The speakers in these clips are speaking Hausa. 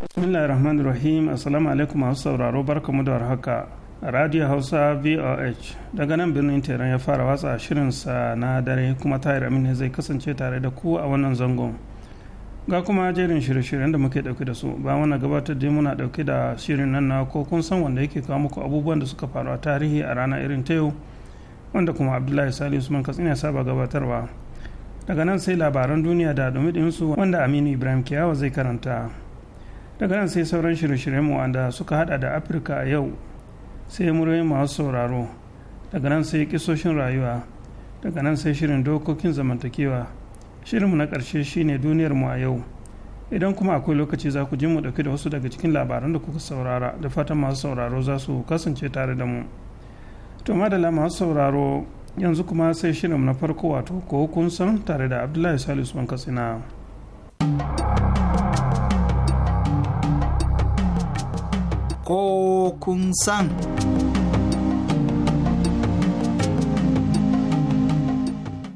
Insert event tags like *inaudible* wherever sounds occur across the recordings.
bismillahir rahmanir rahim assalamu alaikum masu sauraro barkamu da warhaka radio hausa voh daga nan birnin teran ya fara watsa shirinsa na dare kuma tahir amin zai kasance tare da ku a wannan zangon ga kuma jerin shirye-shiryen da muke dauke da su ba wani gabatar da muna dauke da shirin nan na ko kun san wanda yake kawo muku abubuwan da suka faru a tarihi a rana irin ta yau wanda kuma abdullahi sali usman katsina ya saba gabatarwa daga nan sai labaran duniya da dumi su wanda aminu ibrahim kiyawa zai karanta daga nan sai sauran shirye-shiryenmu wanda suka hada da afirka a yau sai muryoyin masu sauraro daga nan sai kisoshin rayuwa daga nan sai shirin dokokin zamantakewa shirinmu na karshe shine mu a yau idan kuma akwai lokaci za ku ji mu dauke da wasu daga cikin labaran da kuka saurara da fatan masu sauraro za su kasance tare da mu to madala masu sauraro yanzu kuma sai shirinmu na farko wato ko kun san tare da abdullahi salisu katsina. katsina ko kun san.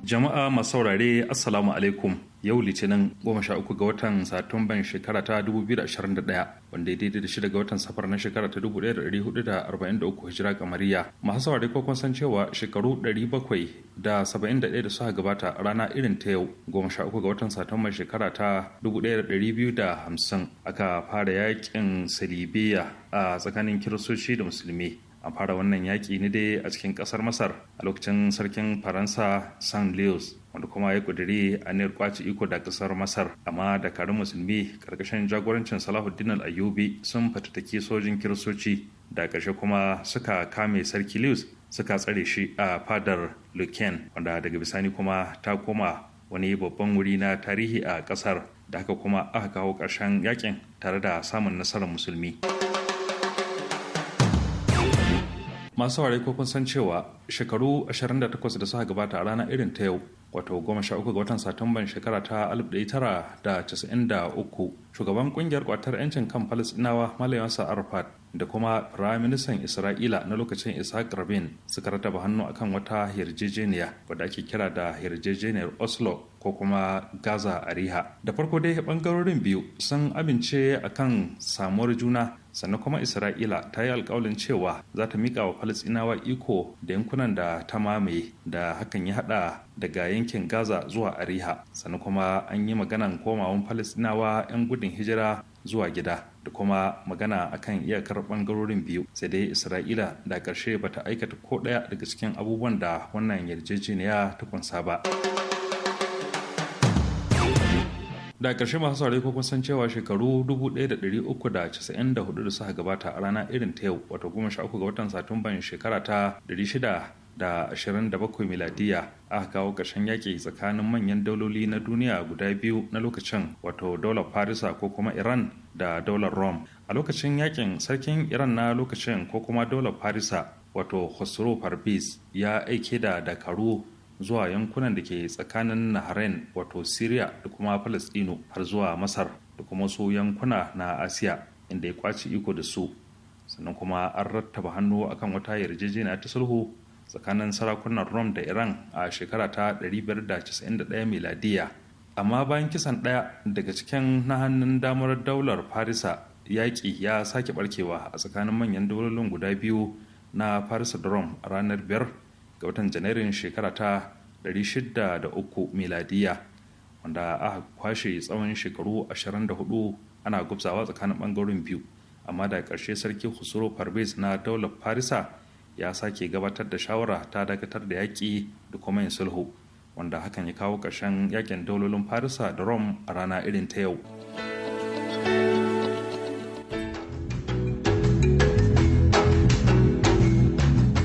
Jama'a masaurare Assalamu alaikum. yau litinin 13 ga watan satumban shekara ta 2021 wanda ya daidai da shida ga watan safar na shekara ta 1443 hijira kamariya masu saurari ko san cewa shekaru 700 da 71 da suka gabata rana irin ta yau 13 ga watan satumban shekara ta 1250 aka fara yakin salibiya a tsakanin kiristoci da musulmi an fara wannan yaƙi ne dai a cikin ƙasar masar a lokacin sarkin faransa san leos wanda kuma ya ƙudiri a aniyar kwace iko da ƙasar masar amma dakarun musulmi ƙarƙashin jagorancin salahuddin al-ayyubi sun fatattaki sojin kiristoci da ƙarshe kuma suka kame sarki leos suka tsare shi a fadar luken wanda daga bisani kuma ta koma wani babban wuri na tarihi a ƙasar da haka kuma aka kawo ƙarshen yakin tare da samun nasarar musulmi. masu ware ko kun san cewa shekaru 28 da suka gabata a ranar irin ta yau wato 13 ga watan satumban shekara ta 1993 shugaban kungiyar kwatar yancin kan falasdinawa malayansa arfat da kuma firaministan isra'ila na lokacin isaac rabin suka rataba hannu akan wata yarjejeniya wadda ake kira da yarjejeniyar oslo ko kuma gaza a riha da farko dai bangarorin biyu sun amince akan samuwar juna sannan kuma isra'ila ta yi alkawalin cewa za ta miƙa wa falastinawa iko da yankunan da ta mamaye da hakan ya hada daga yankin gaza zuwa ariha sannan kuma an yi maganan komawan falasinawa 'yan gudun hijira zuwa gida da kuma magana akan iyakar bangarorin biyu sai dai isra'ila da karshe bata aikata ko daya daga cikin abubuwan da wannan yarjejeniya ta kunsa ba. da ƙarshe masu saurari ko san cewa shekaru 1394 da suka gabata a rana irin ta yau wato 13 ga watan satumban shekara ta 627 miladiya aka kawo ƙarshen yaƙi tsakanin manyan dauloli na duniya guda biyu na lokacin wato daular farisa ko kuma iran da daular rome a lokacin yakin sarkin iran na lokacin ko kuma daular farisa wato khosrow parvis ya aike da dakaru zuwa yankunan da ke tsakanin nahrain wato syria da kuma palestino har zuwa masar da kuma su yankuna na asiya inda ya kwaci iko da su sannan kuma an rattaba hannu akan wata yarjejeniya ta sulhu tsakanin sarakunan rom da iran a shekara ta 591 miladiya amma bayan kisan ɗaya daga cikin na hannun damar daular farisa yaƙi ya sake barkewa a tsakanin manyan daularin guda biyu na farisa da rom a ranar biyar. ga watan janairun shekara ta 603 miladiya wanda aka kwashe tsawon shekaru 24 ana gubzawa tsakanin ɓangaren biyu amma da ƙarshe sarki husuro parvez na daular farisa ya sake gabatar da shawara ta dakatar da yaƙi da kuma yin sulhu wanda hakan ya kawo ƙarshen yakin daulolin farisa da rom a rana irin ta yau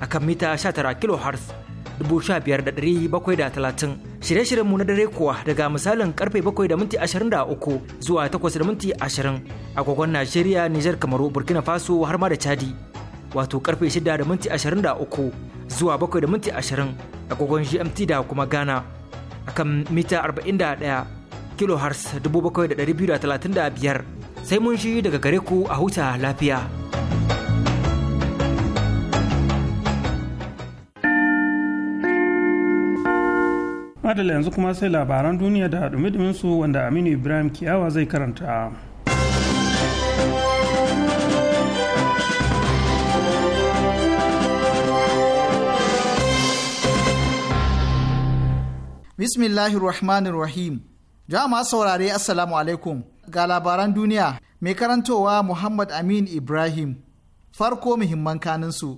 akan mita 19 da 15730 shirye-shiryenmu na dare kuwa daga misalin karfe bakwai da minti zuwa takwas da minti ashirin, agogon Najeriya, Nijar, Kamaru, Burkina Faso har ma da Chadi. Wato karfe 6 da minti zuwa bakwai da minti ashirin, agogon GMT da kuma Ghana. Akan mita 41 da 7235 sai mun shi daga gare ku a huta lafiya. adala yanzu kuma sai labaran duniya da dumi su wanda aminu ibrahim kiyawa zai karanta bismillahirrahmanirrahim jama'a saurare assalamu alaikum ga labaran duniya mai karantowa muhammad amin ibrahim farko muhimman su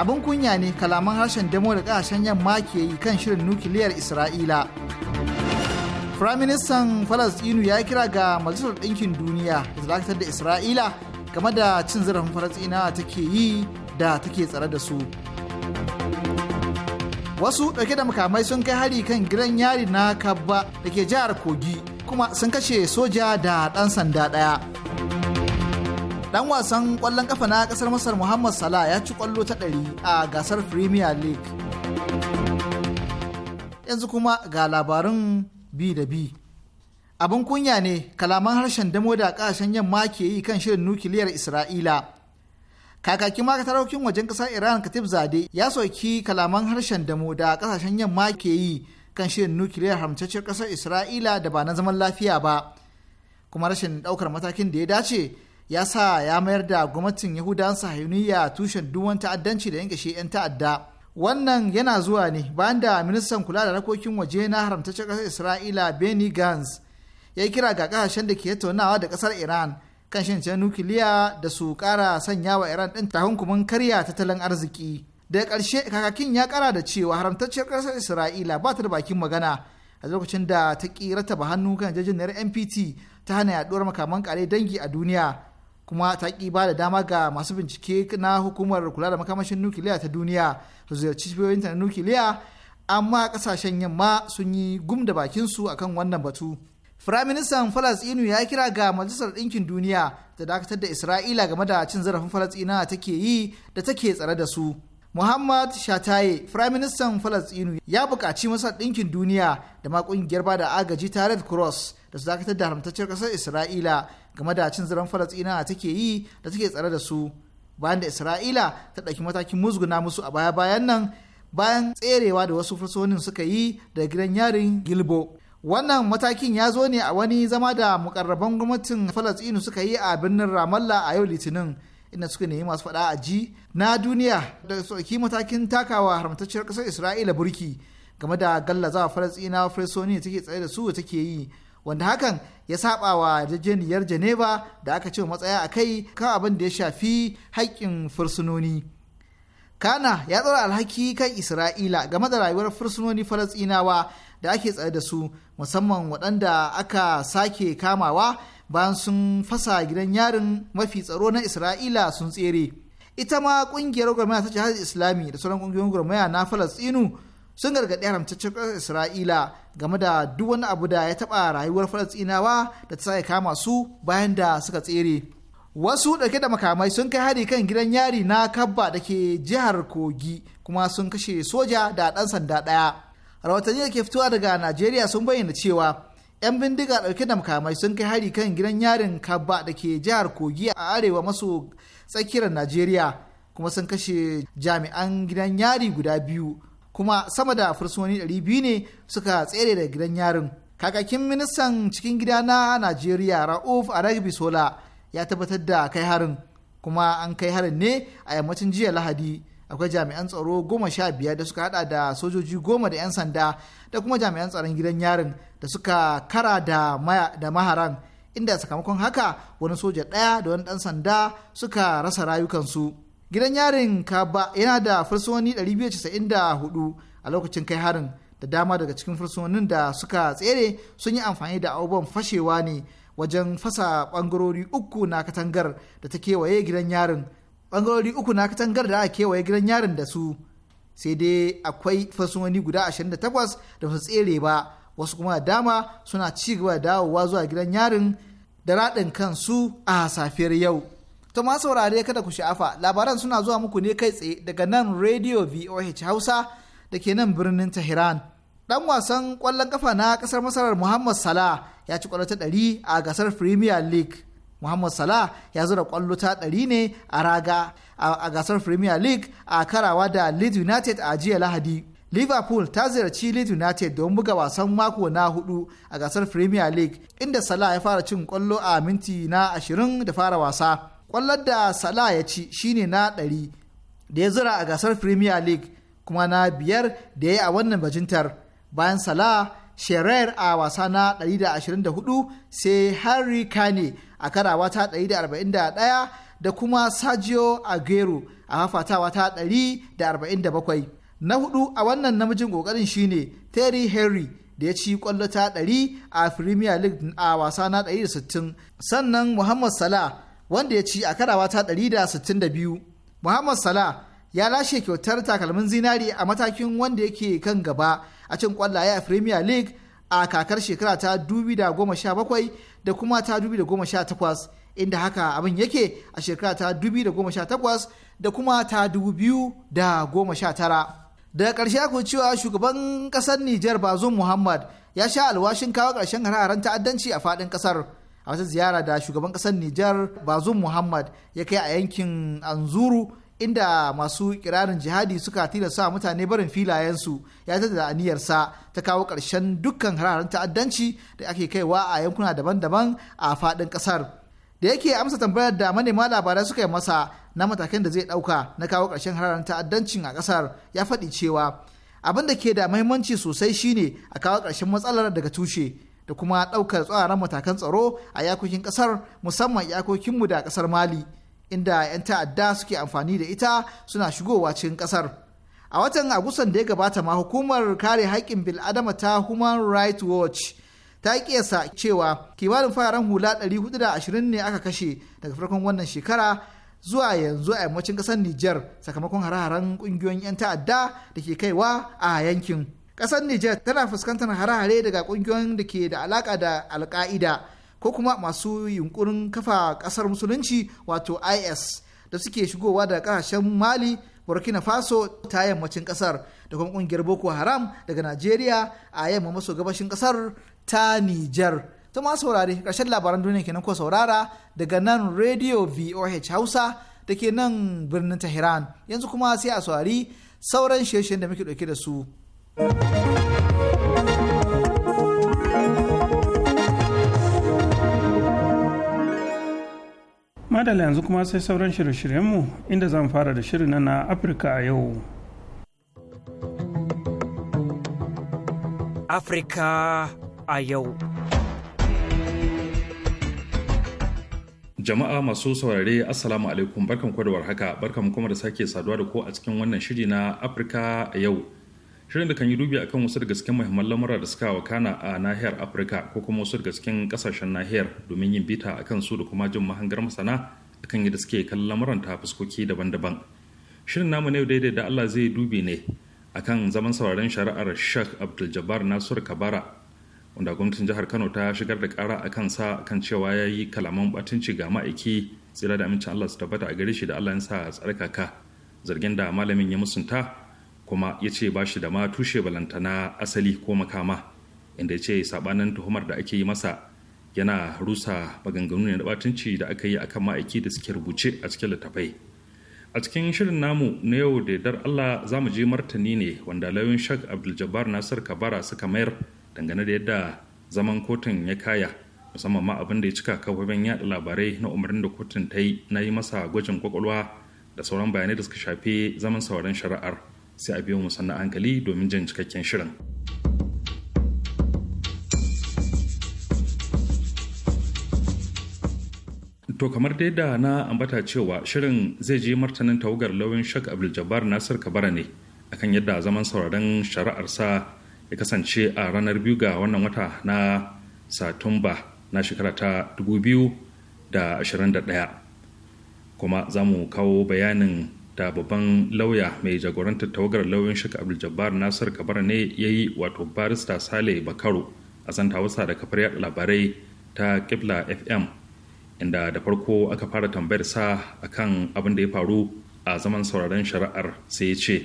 abin kunya ne kalaman harshen demo da kasashen yamma ke yi kan shirin nukiliyar isra'ila firaministan falasɗinu ya kira ga majalisar ɗinkin duniya da dakatar da isra'ila game da cin zarafin falasɗinawa take yi da take tsare da su wasu ɗauke da makamai sun kai hari kan gidan yari na kabba da ke jihar kogi kuma sun kashe soja da ɗan sanda ɗaya dan wasan kwallon kafa na kasar masar muhammad salah ya ci kwallo ta ɗari a gasar premier league yanzu kuma ga labarin bi da bi abin kunya ne kalaman harshen damo da kasashen yamma ke yi kan shirin nukiliyar isra'ila kakakin makatarokin wajen ƙasar iran katib zade ya soki kalaman harshen damo da kasashen yamma ke yi kan shirin nukiliyar haramtacciyar kasar isra'ila da ba na zaman lafiya ba kuma rashin ɗaukar matakin da ya dace ya sa ya mayar da gwamnatin yahudan sahiyuniya tushen duwan ta'addanci da yanke shi 'yan ta'adda wannan yana zuwa ne bayan da ministan kula da harkokin waje na haramtaccen ƙasar isra'ila benny gans ya kira ga ƙasashen da ke tattaunawa da kasar iran kan shan shincen nukiliya da su ƙara sanya wa iran ɗin takunkumin karya tattalin arziki daga ƙarshe kakakin ya kara da cewa haramtacciyar ƙasar isra'ila ba ta da bakin magana a lokacin da ta ta rataba hannu kan jajiniyar npt ta hana yaɗuwar makaman ƙare dangi a duniya kuma ta ki ba da dama ga masu bincike na hukumar kula da makamashin nukiliya ta duniya su ziyarci cibiyoyinta na nukiliya amma kasashen yamma sun yi gum da bakinsu akan wannan batu. Firaministan Falasɗinu ya kira ga Majalisar Ɗinkin Duniya da dakatar da Isra'ila game da cin zarafin Falasɗina take yi da take tsare da su. Muhammad Shataye, Firaministan Falasɗinu ya buƙaci masa Ɗinkin Duniya da ma ƙungiyar bada agaji ta Red Cross da su dakatar da haramtacciyar ƙasar Isra'ila game da cin zaren a take yi da take tsare da su bayan da isra'ila ta ɗauki matakin musguna musu a baya bayan nan bayan tserewa da wasu fursonin suka yi da gidan yarin gilbo wannan matakin ya zo ne a wani zama da mukarraban gwamnatin falasɗinu suka yi a birnin ramallah a yau litinin inda suka nemi masu faɗa a ji na duniya da sauki matakin takawa haramtacciyar ƙasar isra'ila burki game da gallazawa falasɗinawa fursuni da take tsare da su da take yi wanda hakan ya saba wa yarjejeniyar Geneva da aka ce matsaya a kai kan abin da ya shafi haƙƙin fursunoni. Kana ya tsara alhaki kan Isra'ila game da rayuwar fursunoni Falasɗinawa da ake tsare da su musamman waɗanda aka sake kamawa bayan sun fasa gidan yarin mafi tsaro na Isra'ila sun tsere. Ita ma ƙungiyar gwamnati ta jihar Islami da sauran ƙungiyoyin gwamnati na Falasɗinu sun gargaɗi haramtaccen ƙasar isra'ila game da duk wani abu da ya taɓa rayuwar falastinawa da ta sake kama su bayan da suka tsere wasu ɗauke da makamai sun kai hari kan gidan yari na kabba da ke jihar kogi kuma sun kashe soja da ɗan sanda ɗaya rahotanni da ke fitowa daga najeriya sun bayyana cewa 'yan bindiga ɗauke da makamai sun kai hari kan gidan yarin kabba da ke jihar kogi a arewa maso tsakiyar najeriya kuma sun kashe jami'an gidan yari guda biyu kuma sama da fursunoni 200 ne suka tsere da gidan yarin kakakin ministan cikin gida na najeriya ra'uf aragbi sola ya tabbatar da kai harin kuma an kai harin ne a yammacin jiya lahadi akwai jami'an tsaro goma sha biyar da suka hada da sojoji goma da 'yan sanda da kuma jami'an tsaron gidan yarin da suka kara da maharan inda sakamakon haka wani soja ɗaya da wani ɗan sanda suka rasa rayukansu. gidan yarin kaba yana da fursunoni 294 a lokacin kai harin da dama daga cikin fursunonin da suka tsere sun yi amfani da abubuwan fashewa ne wajen fasa bangarori uku na katangar da ta kewaye gidan yarin bangarori uku na katangar da aka kewaye gidan yarin da su sai dai akwai fursunoni guda 28 da su tsere ba wasu kuma dama suna ci gaba da dawowa zuwa gidan yarin da raɗin kansu a safiyar yau To ma saurare kada ku sha'afa labaran suna zuwa muku ne kai tsaye daga nan Radio VOH Hausa da ke nan birnin Tehran. Dan wasan kwallon kafa na kasar Masarar Muhammad Salah ya ci kwallo ta ɗari a gasar Premier League. Muhammad Salah ya zura kwallo ta ɗari ne a raga a gasar Premier League a karawa da Leeds United a jiya Lahadi. Liverpool ta ziyarci Leeds United don buga wasan mako na hudu a gasar Premier League inda Salah ya fara cin kwallo a minti na ashirin da fara wasa. Ƙwallar da Salah ya ci shine na ɗari da ya zura a gasar Premier League kuma na biyar da ya yi a wannan bajintar. Bayan Salah, Sherer a wasa na 124 sai Harry Kane a karawa ta 141 da kuma Sergio Aguero a hafatawa ta 147. Na hudu a wannan namijin kokarin shine Terry Henry da ya ci kwallo ta 100 a Premier League a wasa na 160. Sannan Muhammad Salah wanda ya ci a karawa ta 162 muhammad salah ya lashe kyautar takalmin zinari a matakin wanda yake kan gaba a cin kwallaye a premier league a kakar shekara ta 2017 da kuma ta 2018 inda haka abin yake a shekara ta 2018 da kuma ta 2019 daga ƙarshe aka cewa shugaban ƙasar Nijar Bazoum Muhammad ya sha alwashin kawo ƙarshen hare ta'addanci a faɗin ƙasar a wata ziyara da shugaban kasar Nijar Bazum Muhammad ya kai a yankin Anzuru inda masu kiranin jihadi suka tilasta mutane barin filayensu ya tada da aniyarsa ta kawo ƙarshen dukkan hararen ta'addanci da ake kaiwa a yankuna daban-daban a faɗin ƙasar. Da yake amsa tambayar da manema labarai suka yi masa na matakan da zai ɗauka na kawo ƙarshen hararen ta'addancin a ƙasar ya faɗi cewa abin da ke da mahimmanci sosai shine a kawo karshen matsalar daga tushe da kuma ɗaukar tsararren matakan tsaro a yakokin ƙasar musamman yakokinmu da ƙasar mali inda 'yan ta'adda suke amfani da ita suna shigowa cikin ƙasar a watan agusan da ya gabata ma hukumar kare haƙƙin bil'adama ta human rights watch ta kiyasa cewa kimanin fararen hula 420 ne aka kashe daga farkon wannan shekara zuwa yanzu a yammacin ƙasar niger sakamakon hare-haren ƙungiyoyin 'yan ta'adda da ke kaiwa a yankin kasar Nijar tana fuskantar hare-hare daga kungiyoyin da ke da alaka da alka'ida ko kuma masu yunkurin kafa ƙasar musulunci wato IS da suke shigowa da kasashen Mali, Burkina Faso ta yammacin kasar da kuma ƙungiyar Boko Haram daga Najeriya a yamma maso gabashin ƙasar ta Nijar. Ta ma saurare ƙarshen labaran duniya kenan ko saurara daga nan Radio VOH Hausa da ke nan birnin Tehran yanzu kuma sai a saurari sauran shirye da muke ɗauke da su. madala yanzu kuma sai sauran shirye-shiryenmu inda zan fara da shirin na afirka a yau afirka a yau jama'a masu saurare assalamu alaikum barkan kwadawar haka, barkan kuma da sake saduwa da ku a cikin wannan shiri na afirka a yau shirin da kan yi dubi akan wasu daga cikin muhimman lamura da suka wakana a nahiyar afirka ko kuma wasu daga cikin kasashen nahiyar domin yin bita akan su da kuma jin mahangar masana akan yadda suke kallon lamuran ta fuskoki daban-daban shirin namu ne daidai da allah zai dubi ne akan zaman sauraron shari'ar sheikh abdul jabbar nasur kabara wanda gwamnatin jihar kano ta shigar da kara akan sa kan cewa ya yi kalaman batunci ga ma'aiki tsira da amincin allah su tabbata a gare shi da allah ya sa tsarkaka zargin da malamin ya musunta kuma ya ce ba shi da ma tushe balanta na asali ko makama inda ya ce sabanin tuhumar da ake yi masa yana rusa maganganu ne na batunci da aka yi akan ma'aiki da suke rubuce a cikin littafai a cikin shirin namu na yau da dar Allah za mu je martani ne wanda lauyin shak abdul-jabbar nasir kabara suka mayar dangane da yadda zaman kotun ya kaya musamman ma abin da ya cika kafofin yaɗa labarai na umarnin da kotun ta yi na yi masa gwajin kwakwalwa da sauran bayanai da suka shafi zaman sauran shari'ar sai a biyo mu sannan hankali domin jin cikakken shirin To kamar dai da na ambata cewa shirin zai je martanin tawagar lauyin Sheikh Abdul Jabbar Nasir Kabara ne akan yadda zaman sauraron shari'arsa ya kasance a ranar biyu ga wannan wata na Satumba na shekara ta 2021. Kuma za mu kawo bayanin da babban lauya mai jagorantar tawagar lauyan shaka abdul-jabbar nasir kabar ne ya yi wato barista sale bakaro a santa wasa da kafar yada labarai ta kibla fm inda da farko aka fara tambayar sa a kan abin da ya faru a zaman sauraron shari'ar sai ya ce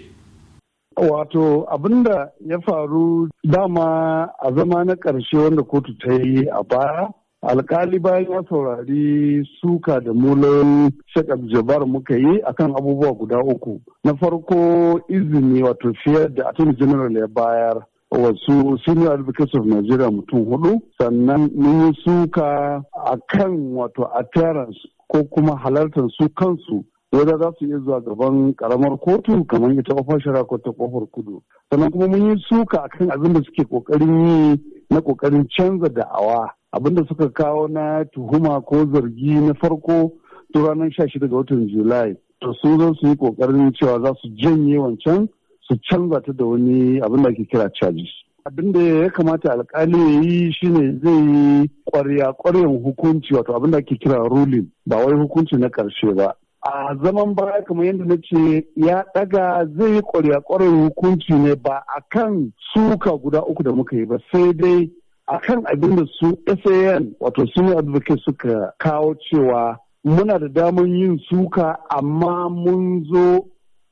Wato abin da ya faru dama a zama na ƙarshe wanda kotu ta yi a baya alkali bayan ya saurari suka da mulan shakar jabar muka yi akan abubuwa guda uku na farko izini wato fiyar da attorney general ya bayar wasu senior advocates of nigeria mutum hudu sannan mun yi suka akan wato appearance ko kuma halartar su kansu wadda za su iya zuwa gaban karamar kotu kamar ita kofar shara ko ta kofar kudu sannan kuma mun yi suka akan abin da suke kokarin yi na kokarin canza da'awa abinda suka kawo na tuhuma ko zargi na farko to ranar 16 ga watan julai to sun zo su yi kokarin cewa za su janye wancan su canza ta da wani abin da ake kira charges abin da ya kamata alkali ya yi shine zai yi kwarya kwaryan hukunci wato abin da ake kira ruling ba wai hukunci na karshe ba a zaman baya kamar yadda na ce ya daga zai yi kwarya kwaryan hukunci ne ba akan suka guda uku da muka yi ba sai dai akan abin da su SAN wato senior advocate suka kawo cewa muna da damar yin suka amma mun zo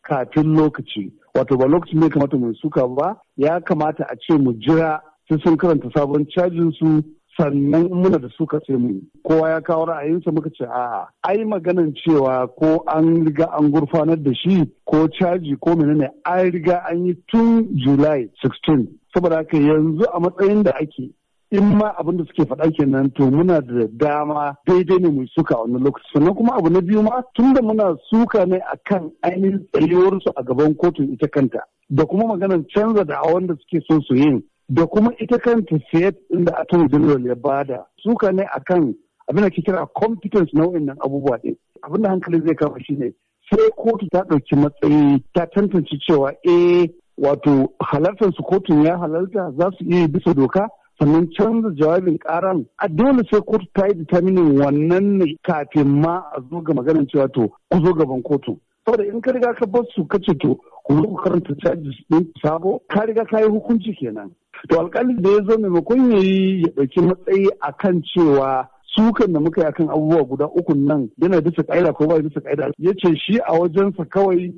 kafin lokaci wato ba lokacin ne kamata mu suka ba ya kamata a ce mu jira sai sun karanta sabon cajin su sannan muna da suka ce mu kowa ya kawo ra'ayinsa muka ce a ai maganan cewa ko an riga an gurfanar da shi ko caji ko menene an riga an yi tun july 16 saboda haka yanzu a matsayin da ake in ma abin da suke faɗa kenan to muna da dama daidai ne mai suka a lokaci sannan kuma abu na biyu ma tun da muna suka ne a kan ainihin tsayuwarsu a gaban kotun ita kanta da kuma maganar canza da da suke son su yin da kuma ita kanta inda da attorney general ya bada suka ne akan abin da ke kira competence nau'in nan abubuwa ɗin abin da hankali zai kama shine sai kotu ta ɗauki matsayi ta tantance cewa eh wato halartar su kotun ya halarta za su iya bisa doka sannan canza jawabin karan a dole sai kotu ta yi determining wannan ne kafin ma a zo ga maganin cewa to ku zo gaban kotu saboda in ka riga ka bar su ka ce to ku zo ku karanta charges ɗin. sabo ka riga ka yi hukunci kenan to alkali da ya zo maimakon ya yi ya ɗauki matsayi akan cewa sukan da muka yi akan abubuwa guda uku nan yana bisa kaida ko ba bisa ƙa'ida ya ce shi a wajensa kawai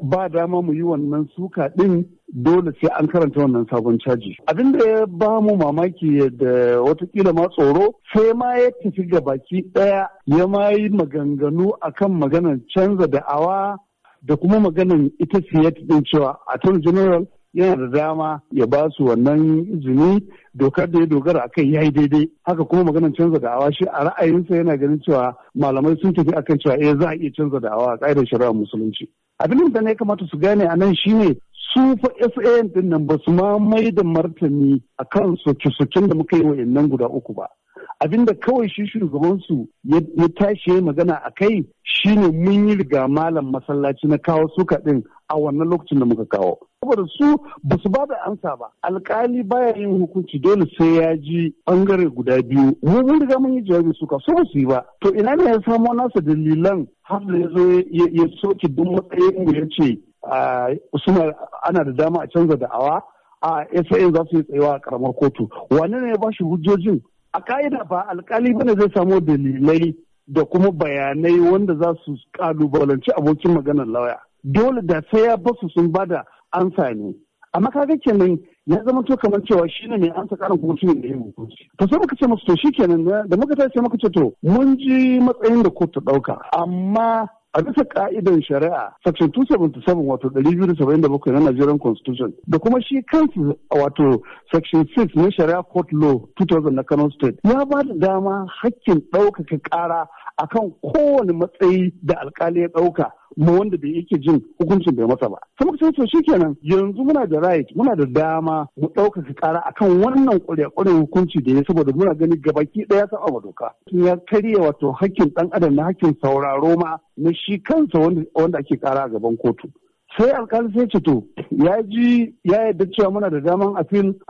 ba dama mu yi wannan suka ɗin dole sai an karanta wannan sabon caji. Abin da ya ba mu mamaki da watakila ma tsoro sai ma ya tafi ga baki ɗaya ya ma yi maganganu akan maganar canza da'awa da kuma maganar ita siyat ɗin cewa attorney general yana da dama ya ba su wannan izini dokar da ya dogara a kai ya yi daidai haka kuma maganar canza da awa shi a ra'ayinsa yana ganin cewa malamai sun tafi akan cewa eh za a iya canza da awa a ƙa'idar shari'ar musulunci abin da ya kamata su gane a nan shine su fa san din nan ba su ma mai da martani a kan soke-soken da muka yi wa innan guda uku ba Abin da kawai shi shugabansu ya tashi ya magana a kai shine mun yi riga malam masallaci na kawo suka din a wannan lokacin da muka kawo saboda su ba su ba da ansa ba alkali baya yin hukunci dole sai ya ji bangare guda biyu mu mun riga mun yi jawabi suka so ba su yi ba to ina ne ya samo nasa dalilan har da ya zo ya soke duk matsayin mu ya ce suna ana da dama a canza da awa? a SAN za su yi tsayawa a karamar kotu wane ne ya ba shi hujjojin a ka'ida ba alkali bane zai samo dalilai da kuma bayanai wanda za su kalubalanci abokin maganar lauya dole da sai ya basu sun bada ansa ne amma kaga kenan ya zama to kamar cewa shi ne mai amsa karin kuma shi ne da yin hukunci to sai muka ce musu to shikenan da muka tashi muka ce to mun ji matsayin da kotu ɗauka amma a bisa ka'idan shari'a section 277 wato 277 na Nigerian constitution da kuma shi kansu wato section 6 na shari'a court law 2000 na Kano state ya ba da dama hakkin ɗaukaka ƙara akan kowane matsayi da alkali ya ɗauka ma wanda da yake jin hukuncin bai masa ba. Sai ka ce shi kenan yanzu muna da right muna da dama mu ɗaukaka ƙara akan wannan ƙwarya-ƙwaryan hukunci da ya saboda muna gani gabaki ɗaya sa ba doka. Ya karya wato hakkin ɗan adam na hakkin sauraro ma na shi kansa wanda ake kara a gaban kotu. sai alkali sai ce to ya ji ya yadda cewa muna da daman a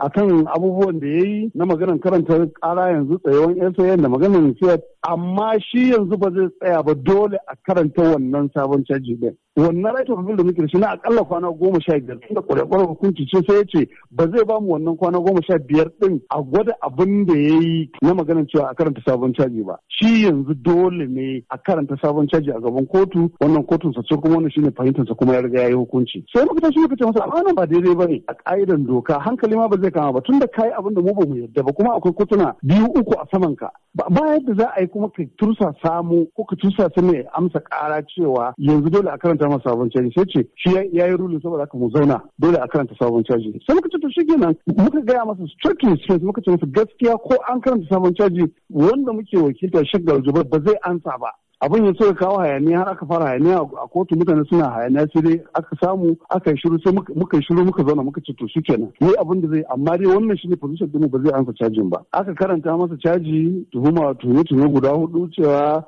akan abubuwan da ya yi na maganar karanta kara yanzu tsayawan yan da maganar cewa amma shi yanzu ba zai tsaya ba dole a karanta wannan sabon caji ɗin. wannan right of appeal da muke da shi na akalla kwana goma sha biyar tunda kwarekwarar hukunci ce sai ya ce ba zai ba mu wannan kwana goma sha biyar ɗin a gwada abin da ya yi na maganin cewa a karanta sabon caji ba shi yanzu dole ne a karanta sabon caji a gaban kotu wannan kotun sa ce kuma wannan shine fahimtar sa kuma ya riga ya yi hukunci sai muka tashi muka ce masa amma ba daidai ne. a ka'idan doka hankali ma ba zai kama ba tun tunda yi abin da mu ba mu yarda ba kuma akwai kotuna biyu uku a saman ka ba yadda za a yi kuma ka tursa samu ko ka tursa su mai amsa kara cewa yanzu dole a karanta masa sabon caji sai ce shi ya yi rulin saboda haka mu zauna dole a karanta sabon caji sai muka ce to shikenan muka gaya masa strictly sai muka ce masa gaskiya ko an karanta sabon caji wanda muke wakilta shagal jubar ba zai ansa ba abin ya so kawo hayaniya har aka fara hayaniya a kotu mutane suna hayaniya sai dai aka samu aka yi shiru sai muka yi shiru muka zauna muka ce to shi kenan abin da zai amma dai wannan shine position din ba zai amsa cajin ba aka karanta masa caji tuhuma tuhume tuhume guda hudu cewa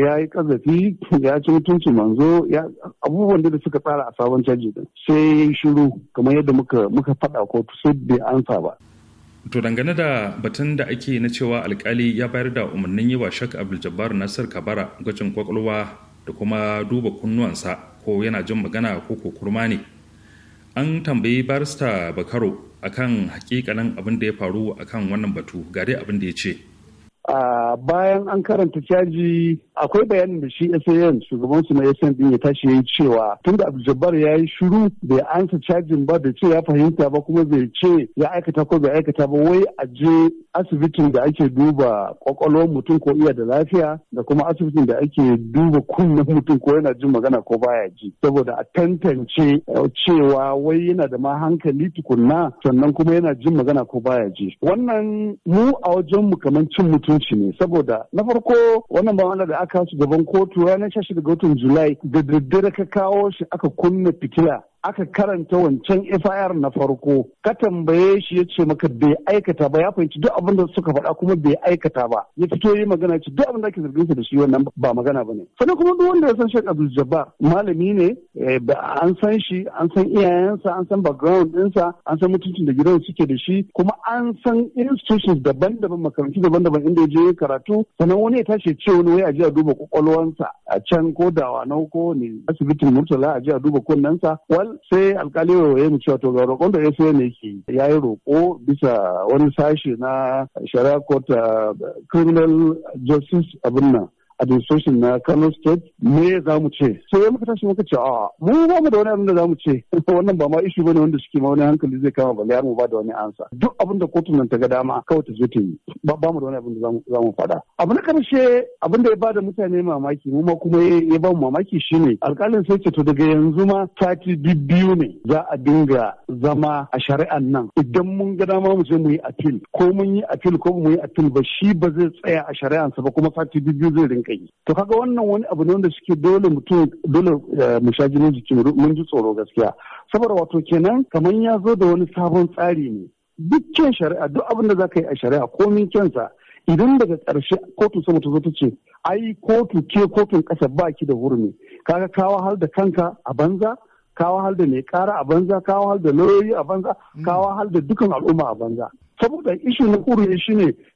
ya yi kazafi ya ci mutunci manzo abubuwan da suka tsara a sabon caji din sai shiru kamar yadda muka faɗa kotu sai bai ansa ba to dangane da batun da ake na cewa alkali ya bayar da umarnin yi wa shak abdul nasir kabara gwajin kwakwalwa da kuma duba kunnuwansa ko yana jin magana ko kurma ne an tambayi barista bakaro akan hakikanin abin da ya faru akan wannan batu ga dai abin da ya ce a bayan an karanta caji akwai bayanin da shi san shugaban su na san din ya tashi yayi cewa tunda abdul ya yi shiru bai ansa cajin ba da ce ya fahimta ba kuma bai ce ya aikata ko bai aikata ba wai a je asibitin da ake duba kwakwalwar mutum ko iya da lafiya da kuma asibitin da ake duba kunnen mutum ko yana jin magana ko baya ji saboda a tantance eh, cewa wai yana da ma hankali tukunna sannan kuma yana jin magana ko baya ji wannan mu a wajen mu kamar cin mutunci ne saboda na farko wannan ba da aka su gaban kotu ranar 16 ga watan julai da daddare ka kawo shi aka kunna fitila aka karanta wancan FIR na farko ka tambaye shi ya ce maka bai aikata ba ya fahimci duk abin da suka faɗa kuma bai aikata ba ya fito yi magana ce duk abin da ake zargin da shi wannan ba magana ba ne sannan kuma duk wanda ya san Sheikh Abdul Jabbar malami ne eh, an san shi an san iyayensa an san background ɗinsa an san mutuncin da gidan suke da shi kuma an san institutions daban-daban makarantu daban-daban inda ya je karatu sannan wani ya tashi ce wani wai a je a duba kwakwalwansa a can ko dawa na ko ne asibitin murtala a jiya a duba kunnensa wal sai alkali ya mu cewa to ga roƙon da sai ne ki ya yi roƙo bisa wani sashi na shari'a court uh, criminal justice abin nan administration na Kano State me za mu ce sai muka tashi muka ce a mu ba mu da wani abin da za mu ce *laughs* wannan ba ma ishu bane wanda suke ma wani hankali zai kama balle mu ba da wani ansa duk abin da kotun nan ta ga dama kawai ta zo ta yi ba mu da wani abin da za mu faɗa abu na karshe abin da ya ba da mutane mamaki mu ma kuma ya ba mu mamaki shine alkalin sai ce to daga yanzu ma sati biyu ne za a dinga zama a shari'an nan idan mun ga dama mu je mu yi appeal ko mun yi appeal ko mu yi appeal ba shi ba zai tsaya a shari'ansa ba kuma sati biyu zai rinka to kaga wannan wani abu ne wanda suke dole mutum dole eh, mu sha jinin jiki mun ji tsoro gaskiya saboda wato kenan kamar ya zo da wani sabon tsari ne kyan shari'a duk abin da za ka yi a shari'a komin kyansa idan daga ƙarshe kotu sama ta zo ta ce ai kotu ke kotun ƙasa ba ki da hurumi kaga kawo hal da kanka a banza kawo hal da mai kara a banza kawo hal da lauyoyi a banza kawo hmm. hal da dukan al'umma a banza saboda ishu na ne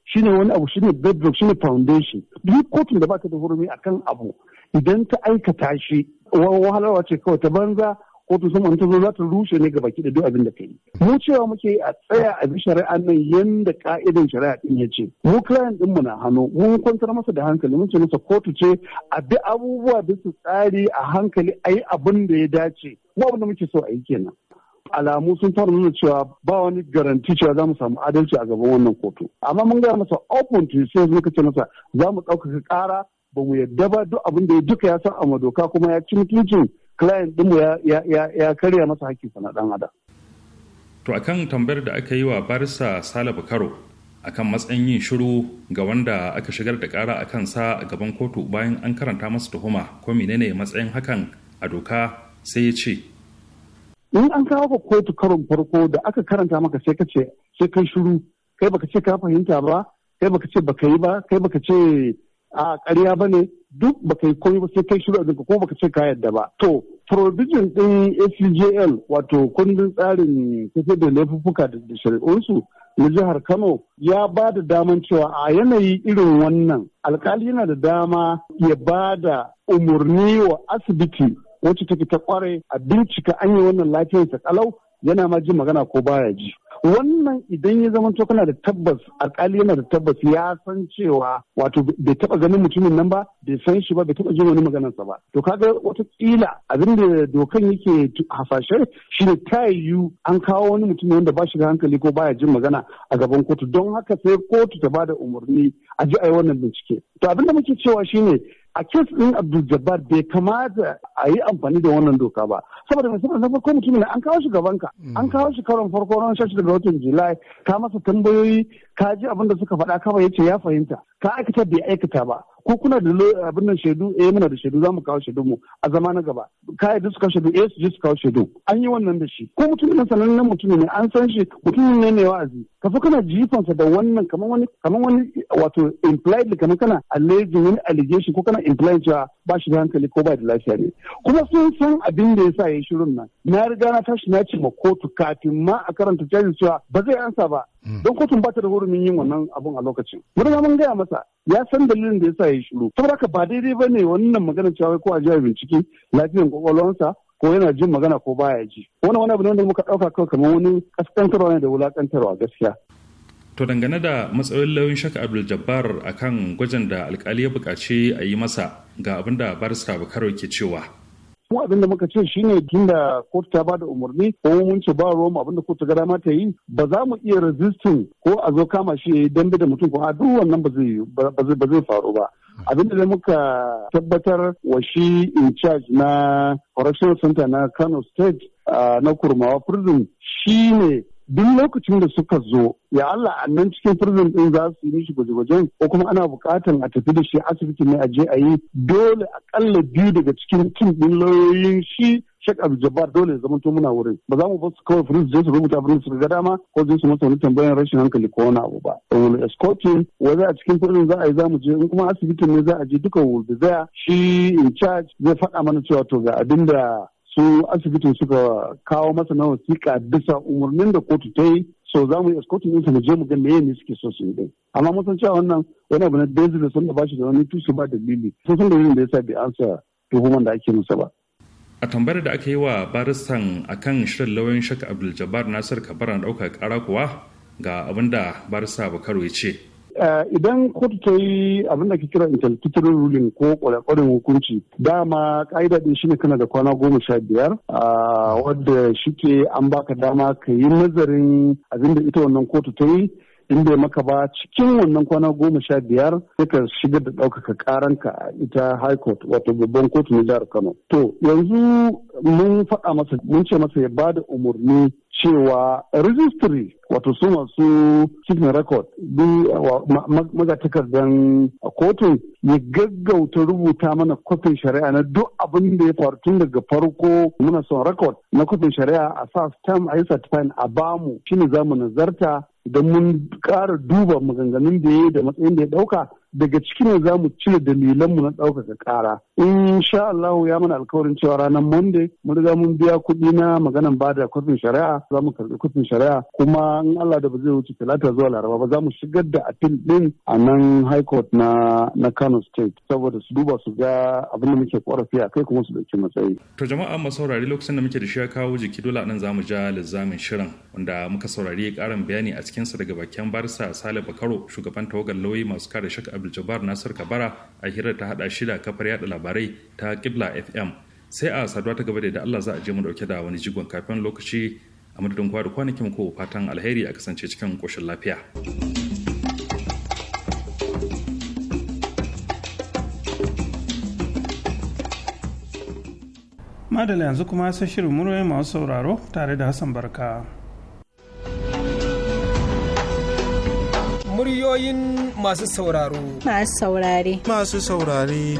shi ne wani abu shi ne bedrock ne foundation duk kotun da baka da hurumi kan abu idan ta aikata shi wahalar ce kawai ta banza kotu sama ta zo za ta rushe ne gaba ki da duk abin da ka yi. Mu cewa muke a tsaya a bi shari'an nan yanda ka'idan shari'a din ya ce. Mu client din mu na hannu mun kwantar masa da hankali mun ce masa kotu ce a bi abubuwa da su tsari a hankali a yi abin da ya dace. Mu abin da muke so a yi kenan. alamu sun fara nuna cewa ba wani garanti cewa za mu samu adalci a gaban wannan kotu amma mun gaya masa open to sai muka ce masa za mu ɗaukaka ƙara ba mu yadda ba duk abin da ya duka ya san a doka kuma ya ci mutuncin client ɗinmu ya karya masa hakkinsa na ɗan adam. To akan tambayar da aka yi wa barisa Salabu Karo akan matsayin yin shiru ga wanda aka shigar da ƙara a sa a gaban kotu bayan an karanta masa tuhuma ko menene matsayin hakan a doka sai ya ce in an kawo ka kotu karon farko da aka karanta maka sai ka ce sai kai shiru kai baka ce ka fahimta ba kai baka ce baka yi ba kai baka ce a ƙarya ba ne duk baka yi komai ba sai kai shiru a jinka ko baka ce ka yadda ba to provision din ACJL wato kundin tsarin tafi da laifuffuka da shari'unsu na jihar Kano ya ba da daman cewa a yanayi irin wannan alkali yana da dama ya ba da umarni wa asibiti wacce take ta kware a bincika an yi wannan lafiyar ta kalau yana ma jin magana ko baya ji wannan idan ya zama to kana da tabbas alkali yana da tabbas ya san cewa wato bai taba ganin mutumin nan ba bai san shi ba bai taba jin wani sa ba to kaga wata kila abin da dokan yake hasashe shi ne ta yiwu an kawo wani mutumin wanda ba shi da hankali ko baya jin magana a gaban kotu don haka sai kotu ta bada umarni a ji a yi wannan bincike to abin da muke cewa shine a kes ɗin abdul jabbar bai kamata a yi amfani da wannan doka ba saboda mai saboda na farko mutum ne an kawo shi gabanka mm. an kawo shi karon farko ran shashi daga watan julai ka masa tambayoyi ka ji abin da suka faɗa kawai ce ya fahimta ka aikata bai aikata ba ko kuna da abin nan shaidu eh muna da shaidu zamu kawo shaidu mu a zama na gaba ka yadda su kawo shaidu eh su je su kawo shaidu an yi wannan da shi ko mutum ne sanannen mutum ne an san shi mutum ne ne wa'azi ka fa kana sa da wannan kamar wani kamar wani wato implied kamar kana alleging wani allegation ko kana implying cewa ba shi da hankali ko ba da lafiya ne kuma sun san abin da yasa yayi shirun nan na riga na tashi na ce ma kotu kafin ma a karanta charges cewa ba zai ansa ba Mm. don kotun ba ta da hurumin yin wannan abun a lokacin mun mun gaya masa ya san dalilin da yasa ya yi shiru saboda haka ba daidai ba ne wannan magana cewa ko a jiya bincike lafiyar sa, ko yana jin magana ko baya ji wani wani abu ne da muka ɗauka kawai kamar wani kaskantarwa ne da wulakantarwa gaskiya to dangane da matsayin lauyin shaka abdul jabbar akan gwajin da alkali ya buƙaci a yi masa ga abin da barista bakaro ke cewa mu abin da muka ce shine tunda kotu ta bada umarni ko mun ce ba ruwan abin da kotu gada dama ta yi ba za mu iya resisting ko a zo kama shi yayi dambe da mutum ko a duk wannan ba zai faru ba abin da muka tabbatar wa shi in charge na correctional center na Kano state ah, na Kurmawa prison shine duk lokacin da suka zo ya Allah a nan cikin prison din za su yi mishi gwaje-gwajen ko kuma ana bukatan a tafi da shi asibiti ne a je a yi dole akalla biyu daga cikin tim din lauyoyin shi Sheikh Abdul dole ya zamanto muna wurin ba za mu ba su kawai firin su rubuta firin su ga dama ko su masa wani tambayan rashin hankali ko wani abu ba wani escorting wani a cikin firin za a yi za mu je in kuma asibitin ne za a je duka wulbi zaya shi in charge zai faɗa mana cewa to ga abin da su asibitin suka kawo masa na wasiƙa bisa umarnin da kotu ta yi so za mu yi escorting ɗinsa mu je mu ga meye ne suke so su yi dai amma mun san cewa wannan wani abu na da sun da bashi da wani tushe ba dalili sun san dalilin da ya sa bai ansa tuhuman da ake masa ba a tambayar da aka yi wa baristan kan shirin lauyan shak abdul jabbar nasir kabara na ɗaukar ƙara kuwa ga abin da barista bakaru ya ce Eh, idan kotu ta yi abin da ke kira interlocutory ruling ko kwalekwalen hukunci dama ka'ida din shine kana da kwana goma sha biyar ah, wadda shike an baka dama ka yi nazarin abin da ita wannan kotu ta yi in bai maka ba cikin wannan kwana goma sha biyar sai ka shigar da ɗaukaka karanka a ita high court wato babban kotu na jihar kano to yanzu mun faɗa masa mun ce masa ya bada da umarni cewa registry wato su masu cikin record duk magatakardan kotun ya gaggauta rubuta mana kofin shari'a na duk abin da ya faru tun daga farko muna son record na kofin shari'a a sa stem a yi certifying a bamu shine za mu nazarta idan mun ƙara duba maganganun da ya da matsayin da ya ɗauka daga ciki ne za mu dalilan mu na ɗaukaka ƙara. In Allah ya mana alkawarin cewa ranar Monday mun riga mun biya kuɗi na maganan bada kofin shari'a za mu karɓi kofin shari'a kuma in Allah da ba zai wuce talata zuwa laraba ba za mu shigar da appeal din a nan high court na na Kano state saboda su duba su ga abin da muke korafi a kai kuma su dauki matsayi to jama'a mu saurari lokacin da muke da shi ya kawo jiki dole a nan zamu ja lizamin shirin wanda muka saurari karin bayani a cikin sa daga bakin barsa Sale Bakaro shugaban tawagar lauyi masu kare shak Abdul Jabbar Nasir Kabara a hirar ta hada shida kafar yada labarai ta qibla FM sai a saduwa ta gaba da Allah za a je mu dauke da wani jigon kafin lokaci a madadin kwa da kwanakin ko fatan alheri a kasance cikin koshin lafiya madala yanzu kuma sai shirin muryoyin masu sauraro tare da hassan barka muryoyin masu sauraro masu saurare masu saurare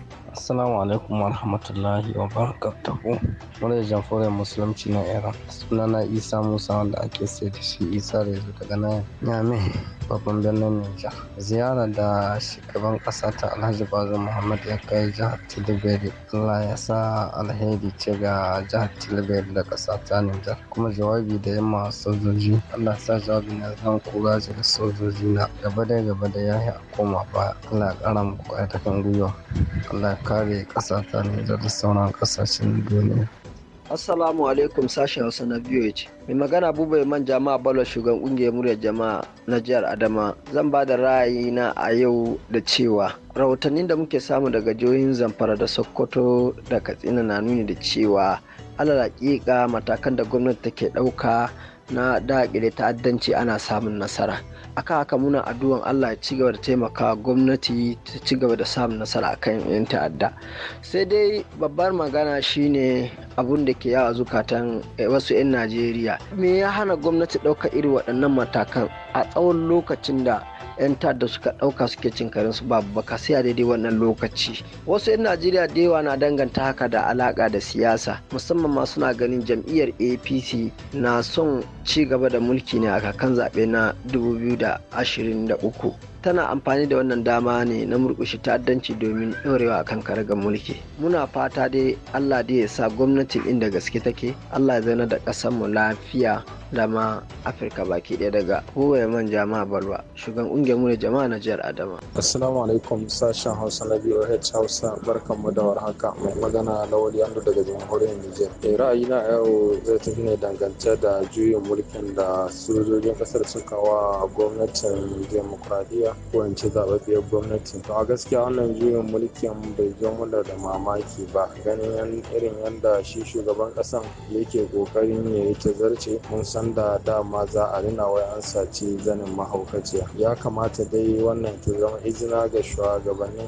Assalamu alaikum wa rahmatullahi wa barakatuhu. Muryar jamhuriyar musulunci na Iran. Sunana Isa Musa wanda ake sai da shi Isa da daga nan. Amin. babban birnin Nijar. ziyara da shugaban ƙasa ta Alhaji Bazo Muhammad ya kai jihar Tilibiri. Allah ya sa alheri ce ga jihar Tilibiri da ƙasa ta Nijar. Kuma jawabi da yamma sojoji. Allah ya sa jawabi na zan kura ga sojoji na gaba da gaba da ya yi koma ba. Allah ya ƙara muku ƙarfin gwiwa. Allah ya kare ƙasa ta Nijar da sauran ƙasashen duniya. Assalamu alaikum sashen Hausa na VOH. Mai magana ya man jama'a balo shugaban ƙungiyar muryar jama'a na jihar Adama. Zan ba da ra'ayina a yau da cewa rahotannin da muke samu daga jihohin Zamfara da Sokoto da Katsina na nuni da cewa alal matakan da gwamnati take ɗauka na daƙile ta'addanci ana samun nasara akan haka muna addu'an Allah ya ci gaba da taimaka gwamnati ta ci gaba da samun nasara a kan yan ta'adda sai dai babbar magana shine abun da ke yawa zukatan eh, wasu 'yan Najeriya me ya hana gwamnati ɗaukar irin waɗannan matakan a tsawon lokacin da 'yan da suka dauka suke cin karin su babu baka sai a daidai wannan lokaci wasu 'yan najeriya da yawa na danganta haka da alaka da siyasa musamman ma suna ganin jam'iyyar apc na son ci gaba da mulki ne a kakan zaɓe na 2023 tana amfani da wannan dama ne na murkushe ta'addanci domin ɗorewa akan ga mulki muna fata dai allah da ya sa gwamnatin inda gaske take allah ya zauna da ƙasar mu lafiya da ma afirka baki ɗaya daga kowai man jama'a balwa shugan ƙungiyar mu da jama'a na jihar adama assalamu alaikum sashen hausa na biyu hausa barkan mu da warhaka mai magana na wani yandu daga jamhuriyar nijar eh, ra'ayina yau zai tafi ne dangance da juyin mulkin da sojojin ƙasar suka wa gwamnatin demokuraɗiyya ko in ce zaɓaɓɓiyar gwamnati to a gaskiya wannan juyin mulkin bai zo mana da mamaki ba ganin irin yadda shi shugaban ƙasan yake ƙoƙarin ya yi tazarce mun san da dama za a rina wai an saci zanin mahaukaciya ya kamata dai wannan ta zama izina ga shugabannin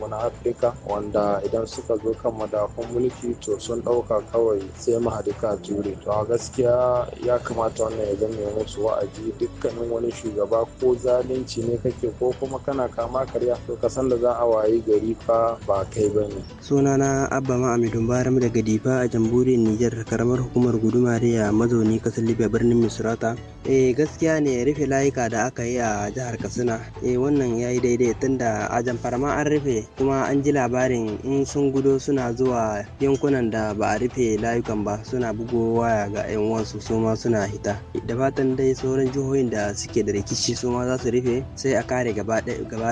mu na afirka wanda idan suka zo kan madafun mulki to sun ɗauka kawai sai mahadika ture to a gaskiya ya kamata wannan ya zama musu wa'azi dukkanin wani shugaba ko zalunci ne kake ko kuma kana kama karya to ka san da za a wayi gari fa ba kai ba ne. sunana abba ma'amidun baram daga difa a jamhuriyar nijar karamar hukumar guduma da mazauni kasar libya birnin misrata eh gaskiya ne rufe layuka da aka yi a jihar katsina eh wannan ya yi daidai tunda a jamfara ma an rufe kuma an ji labarin in sun gudo suna zuwa yankunan da ba a rufe layukan ba suna bugo waya ga 'yan uwansu su ma suna hita da fatan dai sauran jihohin da suke da rikici su ma za su rufe sai ya kare gaba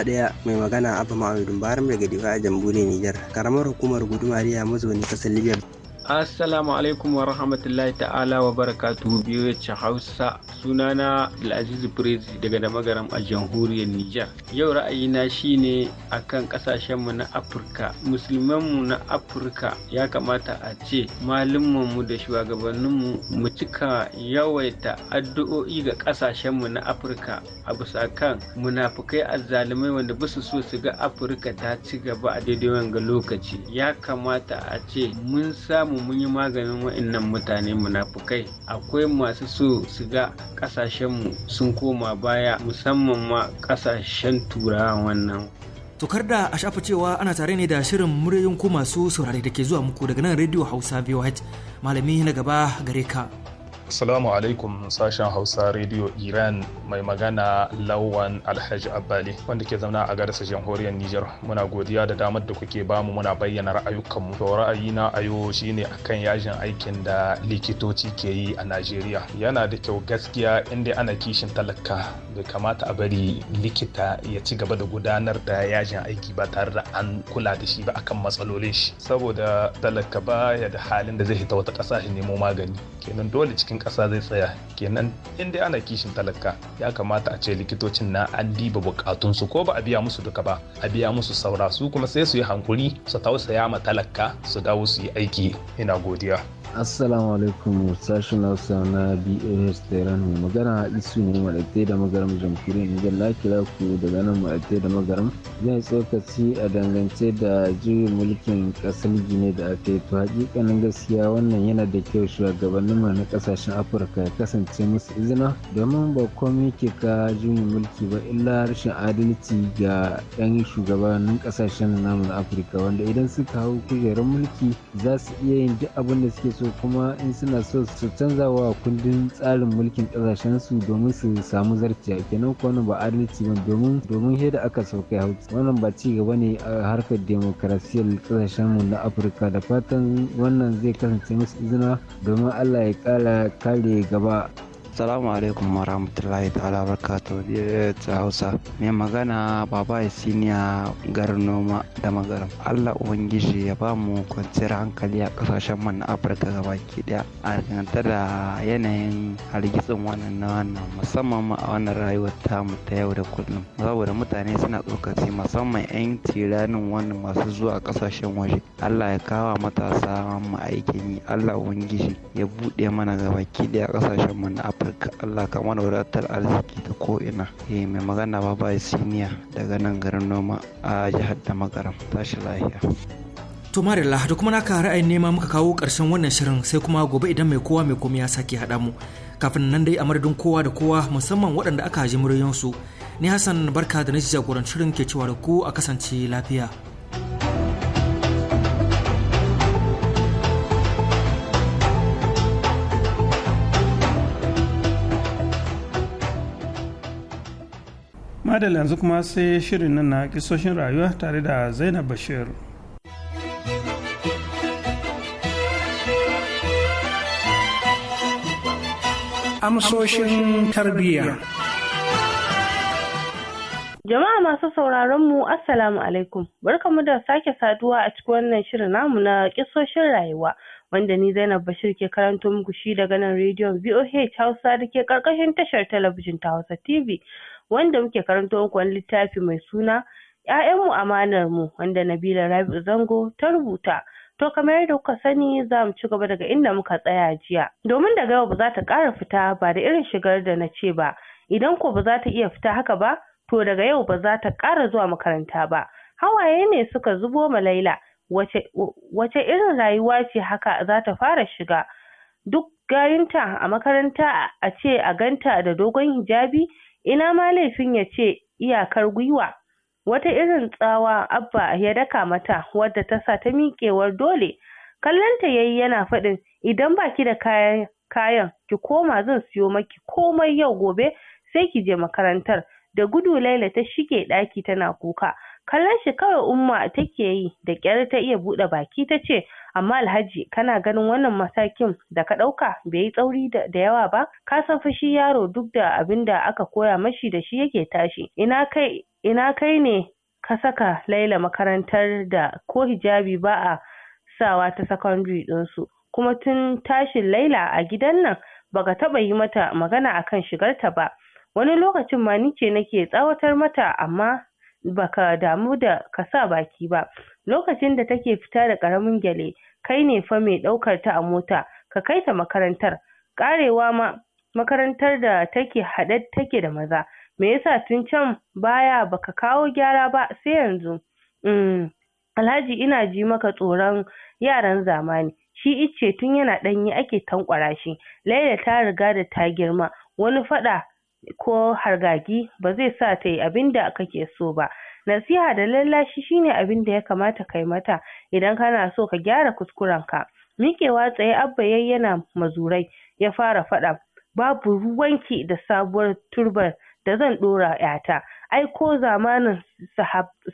daya mai magana abu ma'amudin baram daga difa a jamhuriyar nijar karamar hukumar gudumariya mazauni kasar libya Assalamu alaikum wa rahmatullahi ta'ala wa barakatu biyu Hausa sunana Al'azizu Prezi daga da magaram a jamhuriyar Nijar. Yau ra'ayina shine akan kasashenmu na Afirka, musulmanmu na Afirka ya kamata a ce malumanmu da shugabanninmu mu cika yawaita addu'o'i ga kasashenmu na Afirka a bisa kan munafukai azzalumai wanda basu so su ga Afirka ta ci gaba a daidai wanga lokaci. Ya kamata a ce mun samu mu mun yi maganin wa'annan mutane munafukai akwai masu so su ga kasashenmu sun koma baya musamman ma kasashen turawa wannan tokar da a shafa cewa ana tare ne da shirin muryoyin ku masu saurare da ke zuwa muku daga nan radio hausa voh malami na gaba gare ka Assalamu alaikum sashen Hausa Radio Iran mai magana Lawan Alhaji Abbali wanda ke zauna a garsa jamhuriyar Nijar. Muna godiya da damar da kuke bamu muna bayyana ra'ayukanmu. To na a yau shine akan yajin aikin da likitoci ke yi a Najeriya. Yana da kyau gaskiya inda ana kishin talaka bai kamata a bari likita ya ci gaba da gudanar da yajin aiki ba tare da an kula da shi ba akan matsalolin shi. Saboda talaka baya da halin da zai hita wata ƙasa ya nemo magani. kenan dole cikin ƙasa zai tsaya kenan in dai ana kishin talaka ya kamata a ce likitocin na an diba bukatunsu ko ba a biya musu duka ba a biya musu saura su kuma sai su yi hankuri su tausaya ma talaka su dawo su yi aiki ina godiya assalamu alaikum sashen hausa na boh tehran mai magana isu ne maɗaɗe da magaram jamhuriyar nijar na kira ku daga nan maɗaɗe da magaram zan tsokaci a dangance da juyin mulkin ƙasar gine da aka yi to hakikanin gaskiya wannan yana da kyau shugabannin mu na kasashen afirka ya kasance musu izina domin ba komai ke ka juyin mulki ba illa rashin adalci ga yan shugabannin ƙasashen namu na afirka wanda idan suka hau kujerar mulki za su iya yin duk abin da suke so su kuma in suna so su canza wa kundin tsarin mulkin kasashen su domin su samu a kenan ko wannan ba adalci ba domin domin da aka sauka ya wannan ba ci gaba ne a harkar demokarasiyyar kasashen mu na afirka da fatan wannan zai kasance musu izina domin allah ya kara kare gaba Assalamu alaikum wa rahmatullahi ta'ala barakatuh ta Hausa. Mai magana baba ya siniya garin noma da magaram. Allah Ubangiji ya ba mu kwanciyar hankali a kasashen man Afirka ke daya. A danganta da yanayin hargitsin wannan na wannan musamman ma a wannan rayuwar mu ta yau da kullum. Saboda mutane suna tsokaci musamman 'yan tiranin wannan masu zuwa kasashen waje. Allah ya kawo matasa mu aikin yi. Allah Ubangiji ya buɗe mana gaba ke daya kasashen man Afirka. ƙasarka Allah ka mana wadatar arziki ta ko'ina eh mai magana ba ba siniya daga nan garin noma a jihar da magaram tashi lahiya to marilla da kuma naka ra'ayin nema muka kawo karshen wannan shirin sai kuma gobe idan mai kowa mai komai ya sake haɗa mu kafin nan dai a madadin kowa da kowa musamman waɗanda aka ji muryoyinsu ni hassan barka da na jagorancin shirin ke cewa da ku a kasance lafiya madalla yanzu kuma sai shirin nan na kisoshin rayuwa tare da zainab bashir amsoshin tarbiyya Jama'a masu sauraron mu Assalamu alaikum. Barkamu da sake saduwa a cikin wannan shirin namu na kisoshin rayuwa wanda ni Zainab Bashir ke karanto muku shi daga nan rediyon VOH Hausa da ke karkashin tashar talabijin ta Hausa TV. wanda muke karanto muku wani littafi mai suna ƴaƴanmu amanar mu wanda Nabila Rabi'u Zango ta rubuta. To kamar yadda kuka sani za mu ci gaba daga inda muka tsaya jiya. Domin daga yau ba za ta ƙara fita ba da irin shigar da na ce ba. Idan ko ba za ta iya fita haka ba, to daga yau ba za ta ƙara zuwa makaranta ba. Hawaye ne suka zubo ma Laila. Wace, wace irin rayuwa ce haka za ta fara shiga? Duk gayinta a makaranta a ce a ganta da dogon hijabi ina ma laifin ya ce iyakar gwiwa wata irin tsawa abba ya daka mata wadda ta sa ta miƙewar dole kallonta yayi yana faɗin idan baki da kayan kayan ki koma zan siyo maki komai yau gobe sai ki je makarantar da gudu Laila ta shige ɗaki tana kuka kallon shi kawai umma take yi da ƙyar ta iya buɗe baki ta ce amma alhaji kana ganin wannan matakin da ka ɗauka bai yi tsauri da yawa ba ka san fushi yaro duk da abin da aka koya mashi da shi yake tashi ina kai ina kai ne ka saka laila makarantar da ko hijabi ba a sawa ta secondary su, kuma tun tashin laila a gidan nan baka taɓa yi mata magana akan shigarta ba wani lokacin ma ni ce nake tsawatar mata amma baka damu da kasa baki ba lokacin da take fita da ƙaramin gyale kai ne fa mai ɗaukar ta a mota ka kai ta makarantar ƙarewa ma makarantar da take haɗe take da maza me yasa tun can baya baka kawo gyara ba sai yanzu um Alhaji ina ji maka tsoron yaran zamani shi icce tun yana ɗanyi ake tankwara shi Laila ta riga da ta girma wani faɗa ko hargagi ba zai sa ta yi abin da kake so ba nasiha da lallashi shine abin da ya kamata kai mata idan kana so ka gyara kuskurenka miƙewa tsaye abba yayi yana mazurai ya fara faɗa babu ruwanki da sabuwar turbar da zan ɗora yata ai ko zamanin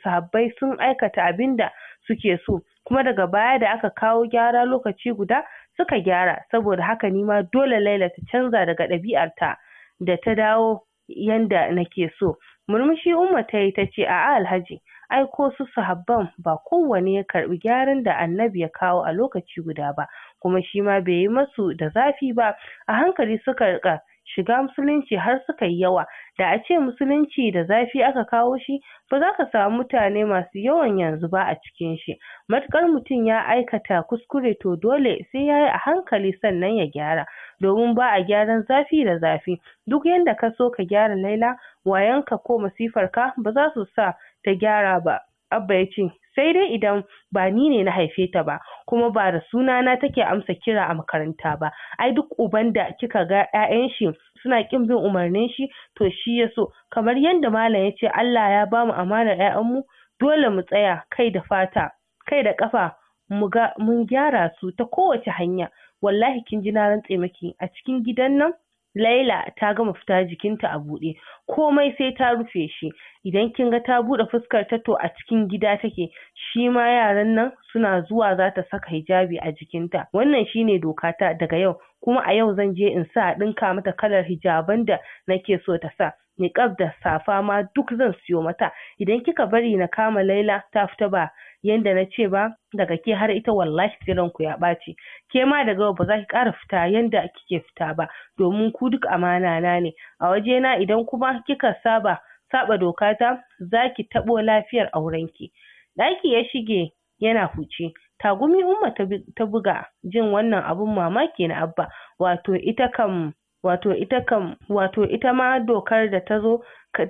sahabbai sun aikata abin da suke so kuma daga baya da aka kawo gyara lokaci guda suka gyara saboda haka nima dole Laila ta canza daga ɗabi'arta da ta dawo yanda nake so murmushi umma ta yi ta ce a'a alhaji ai ko su sahabban ba kowane ya karɓi gyaran da annabi ya kawo a lokaci guda ba kuma shi ma bai yi masu da zafi ba a hankali suka rika shiga musulunci har suka yi yawa da a ce musulunci da zafi aka kawo shi ba za ka samu mutane masu yawan yanzu ba a cikin shi matukar mutum ya aikata kuskure to dole sai ya yi a hankali sannan ya gyara domin ba a gyaran zafi da zafi duk yadda ka so ka gyara laila wayanka ko masifarka ba za su sa ta gyara ba abba ya ce sai dai idan ba ni ne na haife ta ba kuma ba da suna na take amsa kira a makaranta ba ai duk uban da kika ga 'ya'yan shi suna kin bin umarnin shi to shi ya so kamar yadda malam ya ce Allah ya ba mu amanar 'ya'yanmu dole mu tsaya kai da fata kai da kafa mun gyara su ta kowace hanya wallahi kin ji na rantse maki a cikin gidan nan Laila ta gama fita jikinta a buɗe, komai sai ta rufe shi. Idan kin ga ta buɗe fuskar ta to a cikin gida take, shi ma yaran nan suna zuwa za ta saka hijabi a jikinta. Wannan shi shine dokata daga yau, kuma a yau zan je in sa a ɗinka mata kalar hijaban da nake so ta sa. Niƙab da safa ma duk zan siyo mata. Idan kika bari na kama Laila ta fita ba yanda na ce ba daga ke har ita wallahi sai ku ya ɓaci ke ma daga ba za ki ƙara fita yanda kike fita ba domin ku duk amana na ne a wajena idan kuma kika saba saba doka ta za ki taɓo lafiyar aurenki ɗaki ya shige yana huce tagumi umma ta buga jin wannan abun mamaki na abba wato ita kam wato ita kam wato ita ma dokar da ta zo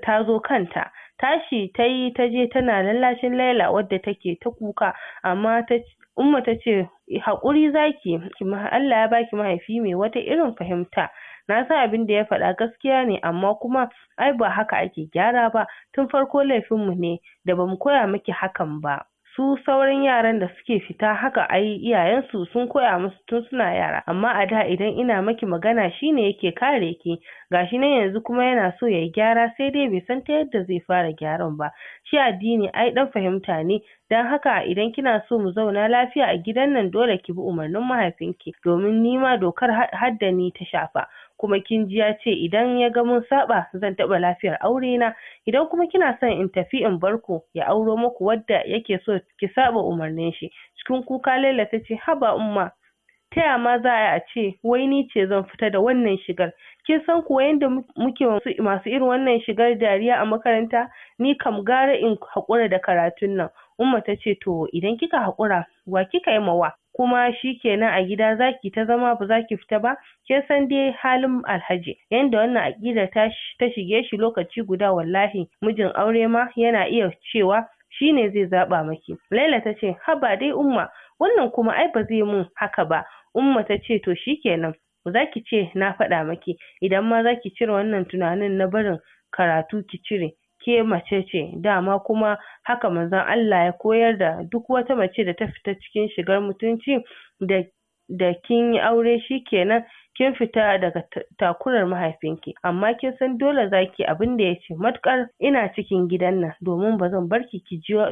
ta zo kanta tashi ta yi ta je tana lallashin Laila wadda take ta kuka amma ta Umma ta ce haƙuri zaki Allah ya baki mahaifi mai wata irin fahimta na san abin da ya faɗa gaskiya ne amma kuma ai ba haka ake gyara ba tun farko laifinmu ne da bamu koya miki hakan ba su sauran yaran da suke fita haka ai iyayensu sun koya musu tun suna yara amma a da idan ina maki magana shine yake kare ki gashi nan yanzu kuma yana so yayi gyara sai dai bai san ta yadda zai fara gyaran ba shi addini ai dan fahimta ne dan haka idan kina so mu zauna lafiya a gidan nan dole ki bi umarnin mahaifinki domin nima dokar hadda ni ta shafa kuma kin ji ya ce idan ya ga mun saba zan taɓa lafiyar aure na idan kuma kina son in tafi in bar ku ya auro muku wadda yake so ki saba umarnin shi cikin kuka Laila ta ce haba umma taya ma za a ce wai ni ce zan fita da wannan shigar kin san kuwa yadda muke masu irin wannan shigar dariya a makaranta ni kam gara in haƙura da karatun nan umma ta ce to idan kika haƙura wa kika yi mawa kuma shikenan a gida zaki ta zama ba za fita ba kin san dai halin alhaji yanda wannan aƙidar ta shige shi lokaci guda wallahi mijin aure ma yana iya cewa shine zai zaɓa maki laila ta ce haba dai umma wannan kuma ai ba zai mun haka ba umma ta ce to shikenan za ki ce na faɗa maki idan ma za ki cire wannan tunanin na barin karatu ki cire ke mace ce dama kuma haka manzon Allah ya koyar da duk wata mace da ta fita cikin shigar mutunci da da kin yi aure shi kenan kin fita daga takurar mahaifinki amma kin san dole zaki abin da ya ce matukar ina cikin gidan nan domin ba zan bar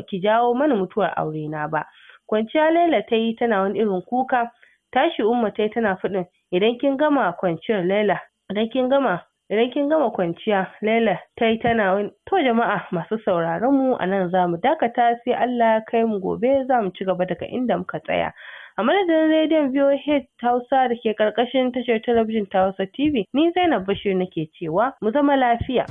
ki jawo mana mutuwar aure na ba kwanciya Laila ta yi tana wani irin kuka tashi Umma ta yi tana faɗin idan kin gama kwanciyar Laila idan kin gama idan kin gama kwanciya Laila tayi tana wani to jama'a masu sauraron mu a nan zamu dakata sai Allah ya kai mu gobe zamu ci gaba daga inda muka tsaya a madadin rediyon VOH Hausa da ke karkashin tashar talabijin ta Hausa TV ni Zainab Bashir nake cewa mu zama lafiya.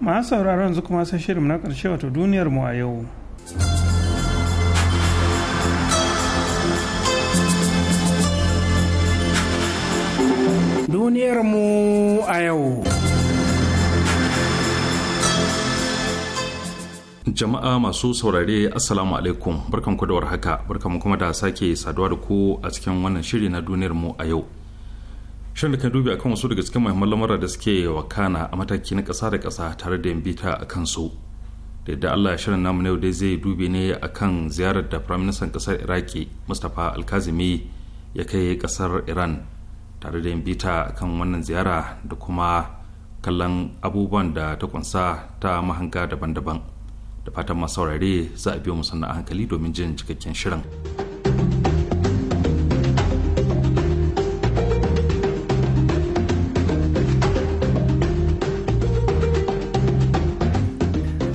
masu sauraron yanzu kuma sai shirin na karshe wato duniyar mu a yau. duniyarmu a yau. Jama'a masu saurare Assalamu alaikum barkanku da warhaka barkanku kuma da sake saduwa da ku a cikin wannan shiri na duniyar mu a yau. Shirin da kan dubi akan wasu daga cikin muhimman lamura da suke wa kana a mataki na ƙasa da kasa tare da yambita a kansu. Da yadda Allah shirin namu na yau dai zai dubi ne akan ziyarar da Firaministan ƙasar Iraki Mustapha Alkazimi ya kai ƙasar Iran tare da yin bita kan wannan ziyara da kuma kallon abubuwan da ta kunsa ta mahanga daban-daban da fatan masu saurare za a biyo musamman a hankali domin jin cikakken shirin.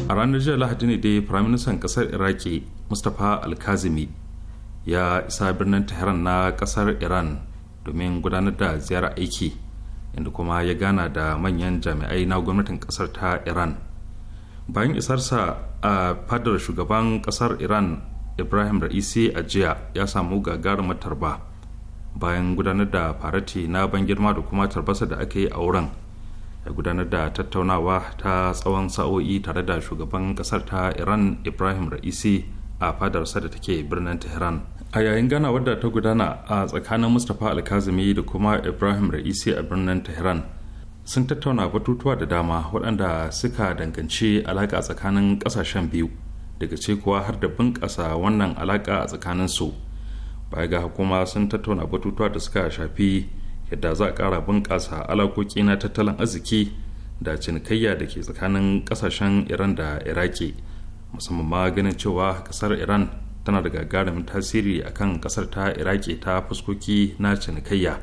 a ranar jiya lahadi ne dai firaministan kasar iraki mustapha alkazimi ya isa birnin tehran na kasar iran domin gudanar da ziyara aiki inda kuma ya gana da manyan jami'ai na gwamnatin kasar ta iran bayan isarsa a fadar shugaban kasar iran ibrahim ra'isi a jiya ya samu gagarumar matarba bayan gudanar da farati na ban girma da kuma tarbasa da aka yi a wurin ya gudanar da tattaunawa ta tsawon sa'o'i tare da shugaban kasar ta iran ibrahim ra'isi a fadarsa da take birnin tehran a yayin gana wadda ta gudana a tsakanin mustapha alkazimi da kuma ibrahim ra'isi a birnin tehran sun tattauna batutuwa da dama waɗanda suka danganci alaƙa tsakanin ƙasashen biyu daga ce kuwa har da bunƙasa wannan alaƙa a tsakanin su baya ga kuma sun tattauna batutuwa da suka shafi yadda za a ƙara bunƙasa alaƙoƙi na tattalin arziki da cinikayya da ke tsakanin ƙasashen iran da iraki musamman ma ganin cewa ƙasar iran tana da gagarumin tasiri a kan kasar ta iraki ta fuskoki na cinikayya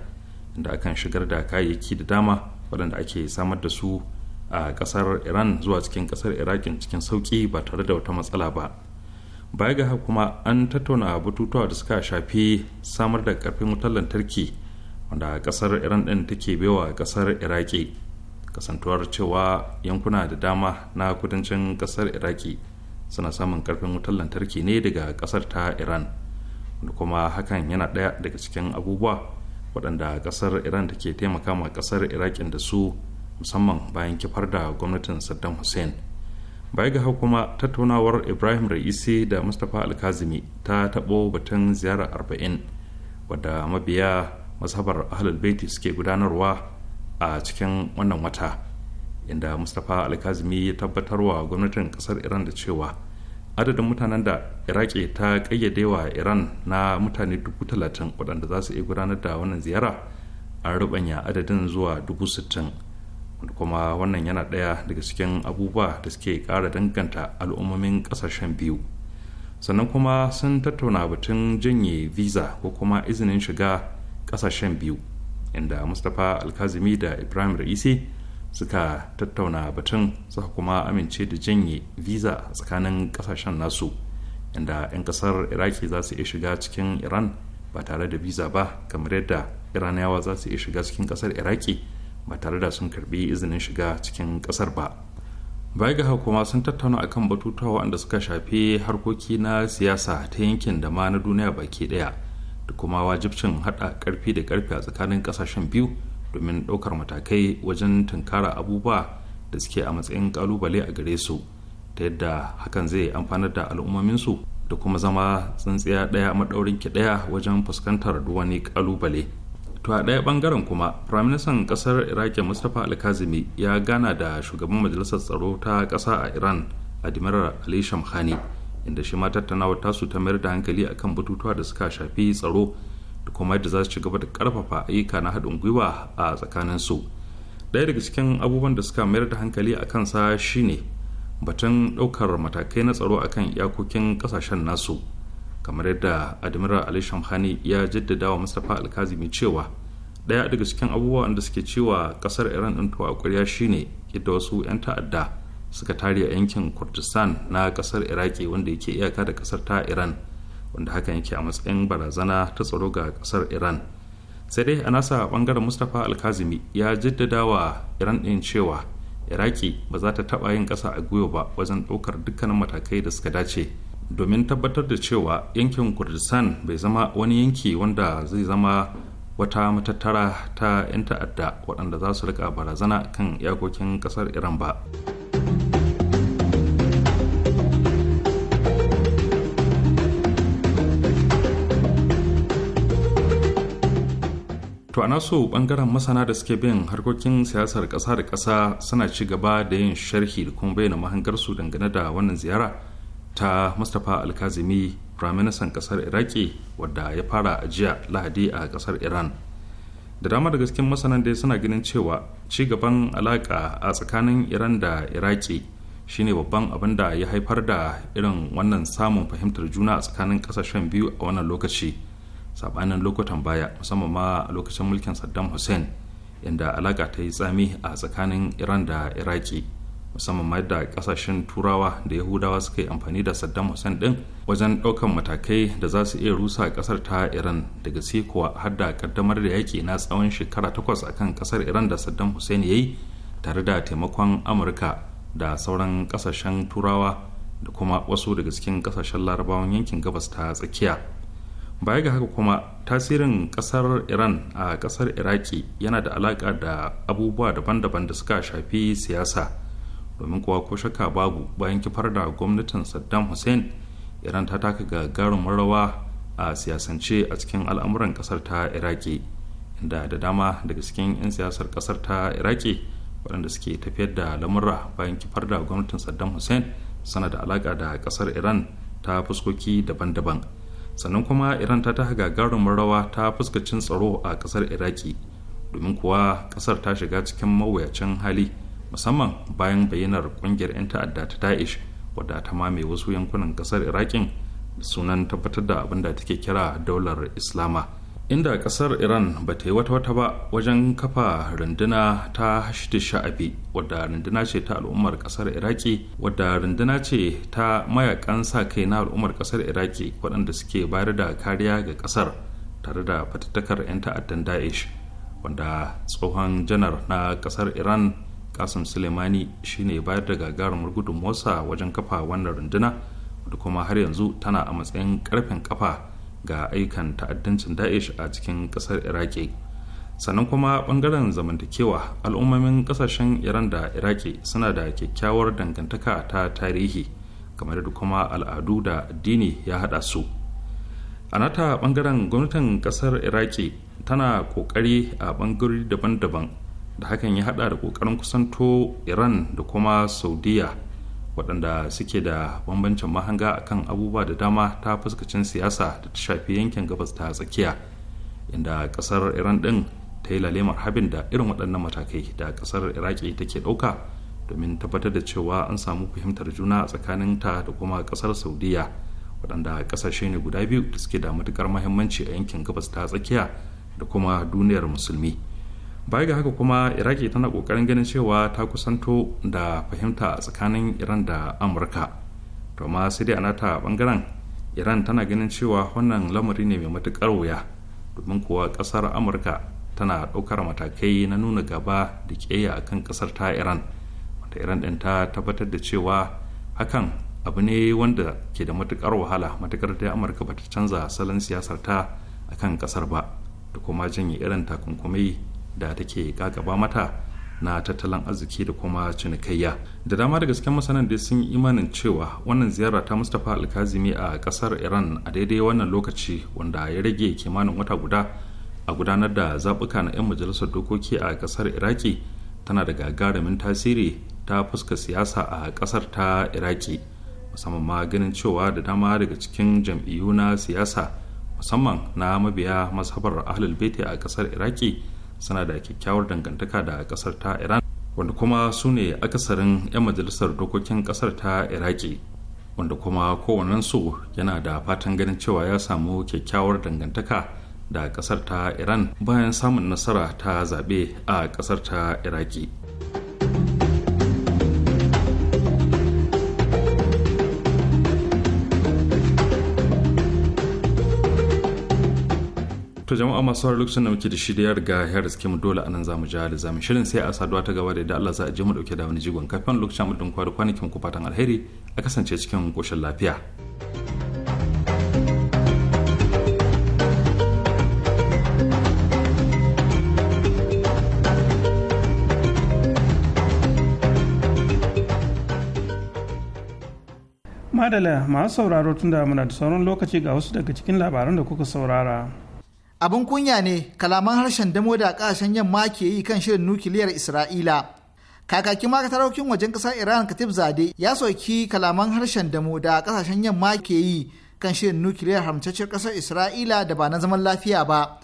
inda akan shigar da kayayyaki da dama waɗanda ake samar da su a kasar iran zuwa cikin kasar irakin cikin sauki ba tare da wata matsala ba baya ga kuma an tattauna batutuwa da suka shafi samar da karfin wutar lantarki wanda kasar iran ɗin take baiwa kasar iraki kasantuwar cewa yankuna da dama na kudancin kasar iraki suna samun karfin wutar lantarki ne daga kasar ta iran wanda kuma hakan yana ɗaya daga cikin abubuwa waɗanda kasar iran take taimaka ma kasar iraƙin da su musamman bayan kifar da gwamnatin saddam hussein baya ga hau kuma tattaunawar ibrahim ra'isi da mustapha alkazimi ta taɓo batun ziyara arba'in wadda mabiya mazhabar ahlul baiti suke gudanarwa a cikin wannan wata inda mustapha alkazimi ya tabbatarwa gwamnatin kasar iran da cewa adadin mutanen da iraki ta kayyade wa iran na mutane dubu talatin waɗanda za su iya gudanar da wannan ziyara an rubanya adadin zuwa dubu sittin kuma wannan yana ɗaya daga cikin abubuwa da suke ƙara danganta al'ummomin ƙasashen biyu sannan kuma sun tattauna batun janye visa ko kuma izinin shiga ƙasashen biyu inda mustapha alkazimi da ibrahim ra'isi suka tattauna batun suka kuma amince da janye visa tsakanin kasashen nasu inda 'yan kasar iraki za su iya shiga cikin iran ba tare da visa ba kamar yadda iraniyawa za su iya shiga cikin kasar iraki ba tare da sun karbi izinin shiga cikin kasar ba baya ga kuma sun tattauna akan batutuwa wanda suka shafi harkoki na siyasa ta yankin da ma na duniya baki ɗaya da kuma wajibcin hada karfi da karfi a tsakanin kasashen biyu domin ɗaukar matakai wajen tunkara abubuwa da suke a matsayin ƙalubale a gare su ta yadda hakan zai amfanar da al'ummominsu da kuma zama tsintsiya ɗaya maɗaurin ki ɗaya wajen fuskantar wani kalubale to a ɗaya ɓangaren kuma firaministan ƙasar iraki mustapha alkazimi ya gana da shugaban majalisar tsaro ta ƙasa a iran adimar ali shamkhani inda shi ma tattaunawar tasu ta mayar da hankali akan batutuwa da suka shafi tsaro da kuma yadda za su ci gaba da karfafa ayyuka na haɗin gwiwa a tsakanin su ɗaya daga cikin abubuwan da suka mayar da hankali a kansa shine batun ɗaukar matakai na tsaro akan iyakokin ƙasashen nasu kamar yadda admiral ali shamhani ya jaddada wa mustapha alkazimi cewa ɗaya daga cikin abubuwan da suke cewa ƙasar iran ɗin to a ƙwarya shine yadda wasu 'yan ta'adda suka tare a yankin kurdistan na ƙasar iraki wanda yake iyaka da ƙasar ta iran wanda haka yake a matsayin barazana ta tsaro ga kasar iran sai dai a nasa bangaren mustapha alkazimi ya jaddada wa iran din cewa iraki ba za ta taba yin kasa a gwiwa ba wajen ɗaukar dukkanin matakai da suka dace domin tabbatar da cewa yankin kurdistan bai zama wani yanki wanda zai zama wata matattara ta 'yan ta'adda waɗanda za su rika barazana kan iyakokin ƙasar iran ba. to a naso bangaren masana da suke bin harkokin siyasar ƙasa da ƙasa suna ci gaba da yin sharhi da kuma bayyana mahangarsu dangane da wannan ziyara ta mustapha alkazimi firaministan ƙasar iraki wadda ya fara ajiya lahadi a ƙasar iran da dama da gasken masanan da suna ganin cewa ci gaban alaka a tsakanin iran da iraki shine babban abin da ya haifar da irin wannan samun fahimtar juna a tsakanin ƙasashen biyu a wannan lokaci sabanin lokutan baya musamman ma a lokacin mulkin saddam hussein inda alaka ta yi tsami a tsakanin iran da iraki musamman ma da kasashen turawa da yahudawa suka yi amfani da saddam hussein din wajen daukan matakai da za su iya rusa kasar ta iran daga sai har da kaddamar da yaki na tsawon shekara takwas akan kasar iran da saddam hussein ya yi tare da taimakon amurka da sauran kasashen turawa da kuma wasu daga cikin kasashen larabawan yankin gabas ta tsakiya baya ga haka kuma tasirin kasar iran a kasar iraki yana da alaƙa da abubuwa daban-daban da suka shafi siyasa domin kuwa ko shakka babu bayan kifar da gwamnatin saddam hussein iran ta taka gagarumin rawa a siyasance a cikin al'amuran kasar ta iraki inda da dama daga cikin 'yan siyasar kasar ta iraki waɗanda suke tafiyar da lamurra bayan kifar da gwamnatin saddam hussein sana da alaƙa da kasar iran ta fuskoki daban-daban sannan kuma iran ta ta gagarumin rawa ta fuskacin tsaro a kasar iraki domin kuwa kasar ta shiga cikin mawuyacin hali musamman bayan bayyanar kungiyar 'yan ta'adda ta da'ish wadda ta mame wasu yankunan kasar irakin sunan tabbatar da abin da take kira daular islama inda kasar iran ba ta yi wata-wata ba wajen kafa runduna ta hashdi sha'abi wadda runduna ce ta al'ummar kasar iraki wadda runduna ce ta mayakan sa kai na al'ummar kasar iraki waɗanda suke bayar da kariya ga kasar tare da fatattakar 'yan ta'addan daesh wanda tsohon janar na kasar iran kasim suleimani shine bayar da gagarumar gudunmuwarsa wajen kafa wannan runduna wadda kuma har yanzu tana a matsayin karfin kafa ga aikan ta'addancin da'ish a cikin kasar iraki sannan kuma bangaren zamantakewa al'ummomin kasashen iran da iraki suna da kyakkyawar dangantaka ta tarihi kamar da kuma al'adu da addini ya hada su a nata bangaren gwamnatin kasar iraki tana kokari a bangarori daban-daban da hakan ya hada da kokarin kusanto iran da kuma saudiya waɗanda suke da bambancin mahanga a kan abubuwa da dama ta fuskacin siyasa da ta shafi yankin gabas ta tsakiya inda ƙasar iran ɗin ta yi lalemar habin da irin waɗannan matakai da ƙasar iraki take ɗauka domin tabbatar da cewa an samu fahimtar juna a tsakanin ta da kuma ƙasar saudiya waɗanda ƙasashe ne guda biyu da suke da matuƙar mahimmanci a yankin gabas ta tsakiya da kuma duniyar musulmi baya ga haka kuma iraki tana kokarin ganin cewa ta kusanto da fahimta a tsakanin iran da amurka to ma sai dai a nata bangaren iran tana ganin cewa wannan lamari ne mai matukar wuya domin kuwa kasar amurka tana ɗaukar matakai na nuna gaba da ƙeya a kan ta iran wanda iran ɗin ta tabbatar da cewa hakan abu ne wanda ke da matukar wahala matukar da amurka bata canza salon siyasar ta akan kasar ba da kuma janye irin takunkumai da take gagaba mata na tattalin arziki da kuma cinikayya da dama da gasken masanan da sun imanin cewa wannan ziyara ta mustapha alkazimi a kasar iran a daidai wannan lokaci wanda ya rage kimanin wata guda a gudanar da zaɓuka na 'yan majalisar dokoki a kasar iraki tana da gagarumin tasiri ta fuska siyasa a kasar ta iraki musamman ma ganin cewa da dama daga cikin jam'iyyu na siyasa musamman na mabiya masabar ahlul baiti a kasar iraki suna da kyakkyawar dangantaka da kasar ta iran wanda kuma su ne akasarin 'yan majalisar dokokin kasar ta iraki wanda kuma kowannen su yana da fatan ganin cewa ya samu kyakkyawar dangantaka da kasar ta iran bayan samun nasara ta zaɓe a kasar ta iraki a masu wani lokacin da muke da shi da ya riga ya mu dole anan zamu ja da zamu shirin sai a saduwa ta gaba da yadda Allah za a je mu dauke da wani jigon kafin lokacin mu dinkwa kwari kwanakin ku fatan alheri a kasance cikin koshin lafiya. Madala masu sauraro tunda muna da sauran lokaci ga wasu daga cikin labaran da kuka saurara. abin kunya ne kalaman harshen damo da kasashen yamma ke yi kan shirin nukiliyar isra'ila kakakin makataraukin wajen ƙasar iran katib zade ya soki kalaman harshen damo da kasashen yamma ke yi kan shirin nukiliyar haramtacciyar kasar isra'ila da ba na zaman lafiya ba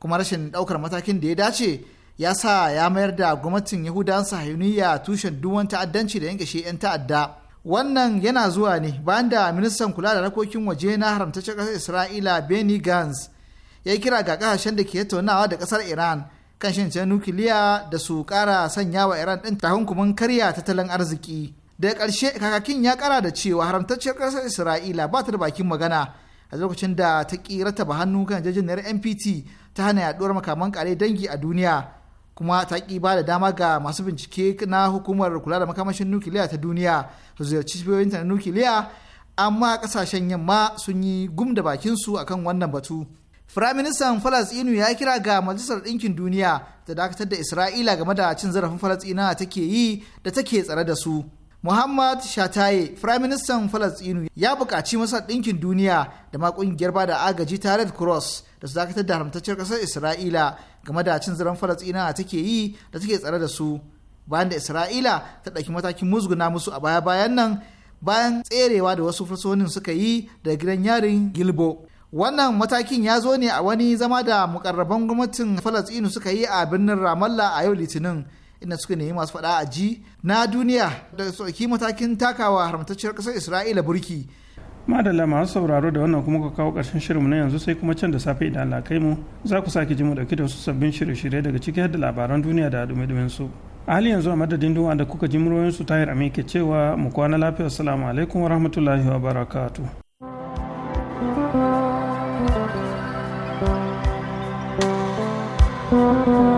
kuma rashin daukar matakin da ya dace ya sa ya mayar da gwamnatin yahudan sahiyuniya tushen duwan ta'addanci da yanke shi 'yan ta'adda wannan yana zuwa ne bayan da ministan kula da rakokin waje na haramtacciyar kasar isra'ila benny gans ya yi kira ga kasashen da ke tonawa da kasar iran kan shincin nukiliya da su kara sanya wa iran ɗin tahunkumin karya tattalin arziki daga ƙarshe kakakin ya kara da cewa haramtacciyar ƙasar isra'ila ba ta da bakin magana a lokacin da ta kira ta hannu kan jajjanar npt ta hana yaduwar makaman kare dangi a duniya kuma ta ƙi ba da dama ga masu bincike na hukumar kula da makamashin nukiliya ta duniya su ziyarci cibiyoyinta na nukiliya amma kasashen yamma sun yi gum da bakinsu akan wannan batu. Firaministan Falasɗinu ya kira ga Majalisar Ɗinkin Duniya da dakatar da Isra'ila game da cin zarafin Falasɗina take yi da take tsare da su. Muhammad Shataye, Firaministan Falasɗinu ya buƙaci Masar Ɗinkin Duniya da ma ƙungiyar da agaji ta Red Cross da su dakatar da haramtacciyar ƙasar Isra'ila game da cin zarafin Falasɗina take yi da take tsare da su. Bayan da Isra'ila ta ɗauki matakin musguna musu a baya-bayan nan bayan tserewa da wasu fursunonin suka yi da gidan yarin Gilbo. wannan matakin ya zo ne a wani zama da mukarraban gwamnatin falastinu suka yi a birnin ramallah a yau litinin inda suka nemi masu faɗa a ji na duniya da tsoki matakin takawa haramtacciyar kasar isra'ila burki madalla masu sauraro da wannan kuma ka kawo ƙarshen shirinmu na yanzu sai kuma can da safe idan Allah kai mu za ku sake ji mu dauki da wasu sabbin shirye-shirye daga ciki da labaran duniya da dumi-dumin su a hali yanzu a madadin duwa da kuka ji muryoyin su tahir amin ke cewa mu kwana lafiya assalamu alaikum wa rahmatullahi wa barakatu. Thank you.